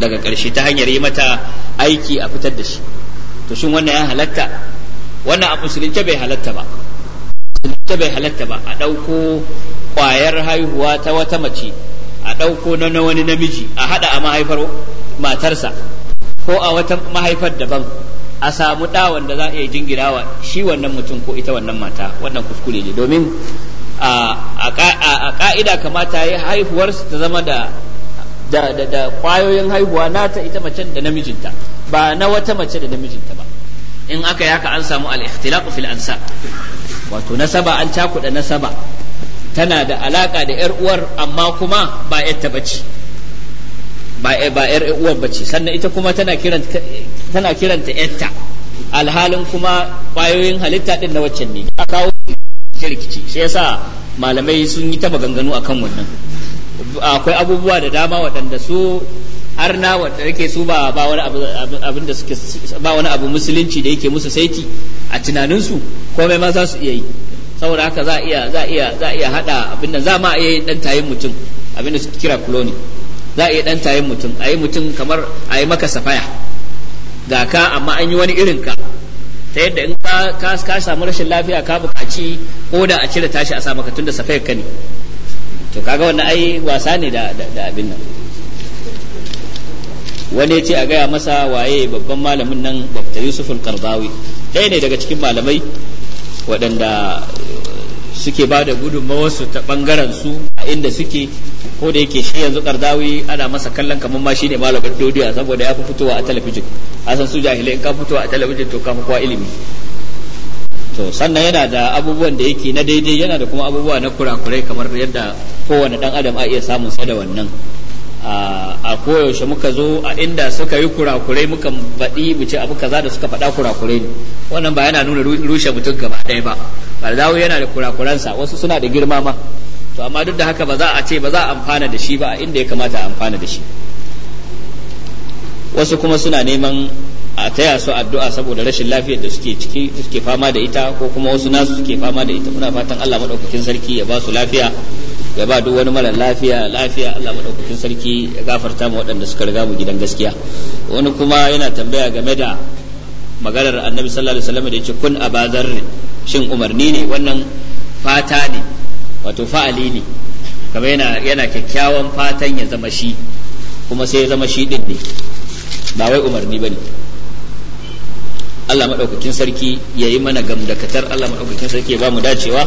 daga ƙarshe ta hanyar yi mata aiki a fitar da shi to shin wannan ya halatta wannan a musulunce bai halatta ba musulunce bai halatta ba a ɗauko ƙwayar haihuwa ta wata mace a ɗauko na wani namiji a haɗa a mahaifar matarsa ko a wata mahaifar daban a samu ɗa wanda za a iya wa shi wannan mutum ko ita wannan mata wannan kuskure ne domin a ka'ida kamata ya su ta zama da da kwayoyin haihuwa nata ita macen da namijinta ba na wata mace da namijinta ba in aka yaka an samu al-ikhtilaqu fil ansab wato nasaba an cakuɗa nasaba tana da alaka da yar uwar amma kuma ba yatta bace ba ba yar uwar bace sannan ita kuma tana kiranta tana kiranta yarta alhalin kuma kwayoyin halitta din na waccan ne a kawo rikici shi yasa malamai sun yi ta maganganu akan wannan akwai abubuwa da dama waɗanda su na wanda yake su ba ba wani abu abin da suke ba wani abu musulunci da yake musu saiti a tunanin su komai ma za su iya yi saboda haka za iya za iya za iya hada abin nan za ma iya yin dan tayin mutum abin da suke kira colony za a iya dan tayin mutum a yi mutum kamar a yi maka safaya ga ka amma an yi wani irin ka ta yadda in ka ka samu rashin lafiya ka buƙaci koda a cire tashi a sa maka tunda safayar ka ne to kaga wannan ai wasa ne da da abin nan wani ya ce a gaya masa waye babban malamin nan dr yusuf al-qardawi ɗaya ne daga cikin malamai waɗanda eh, suke ba da su ta bangaren su a inda suke ko da yake shi yanzu kardawi ana masa kallon kamar ma shine malamin dodiya saboda ya fi fitowa a talabijin a san su jahilai in ka fitowa a talabijin to ka fi ilimi to sannan yana da abubuwan da yake na daidai yana da kuma abubuwa na kurakurai kamar yadda kowane dan adam a iya samun sa da wannan a koyaushe muka zo a inda suka yi kurakurai muka faɗi mu ce abu kaza da suka faɗa kurakurai ne wannan ba yana nuna rushe mutum gaba ɗaya ba dawo yana da kurakuransa wasu suna da girma ma to amma duk da haka ba za a ce ba za a amfana da shi ba a inda ya kamata a amfana da shi wasu kuma suna neman a taya su addu'a saboda rashin lafiyar da suke ciki suke fama da ita ko kuma wasu nasu suke fama da ita muna fatan Allah madaukakin sarki ya ba su lafiya ya ba duk wani mara lafiya lafiya Allah madaukakin sarki ya gafarta mu waɗanda suka riga mu gidan gaskiya wani kuma yana tambaya game da maganar annabi sallallahu alaihi wasallam da yace kun abazar shin umarni ne wannan fata ne wato fa'ali ne kama yana yana kyakkyawan fatan ya zama shi kuma sai ya zama shi din ne ba wai umarni bane Allah madaukakin sarki yayi mana gamdakatar Allah madaukakin sarki ya ba mu dacewa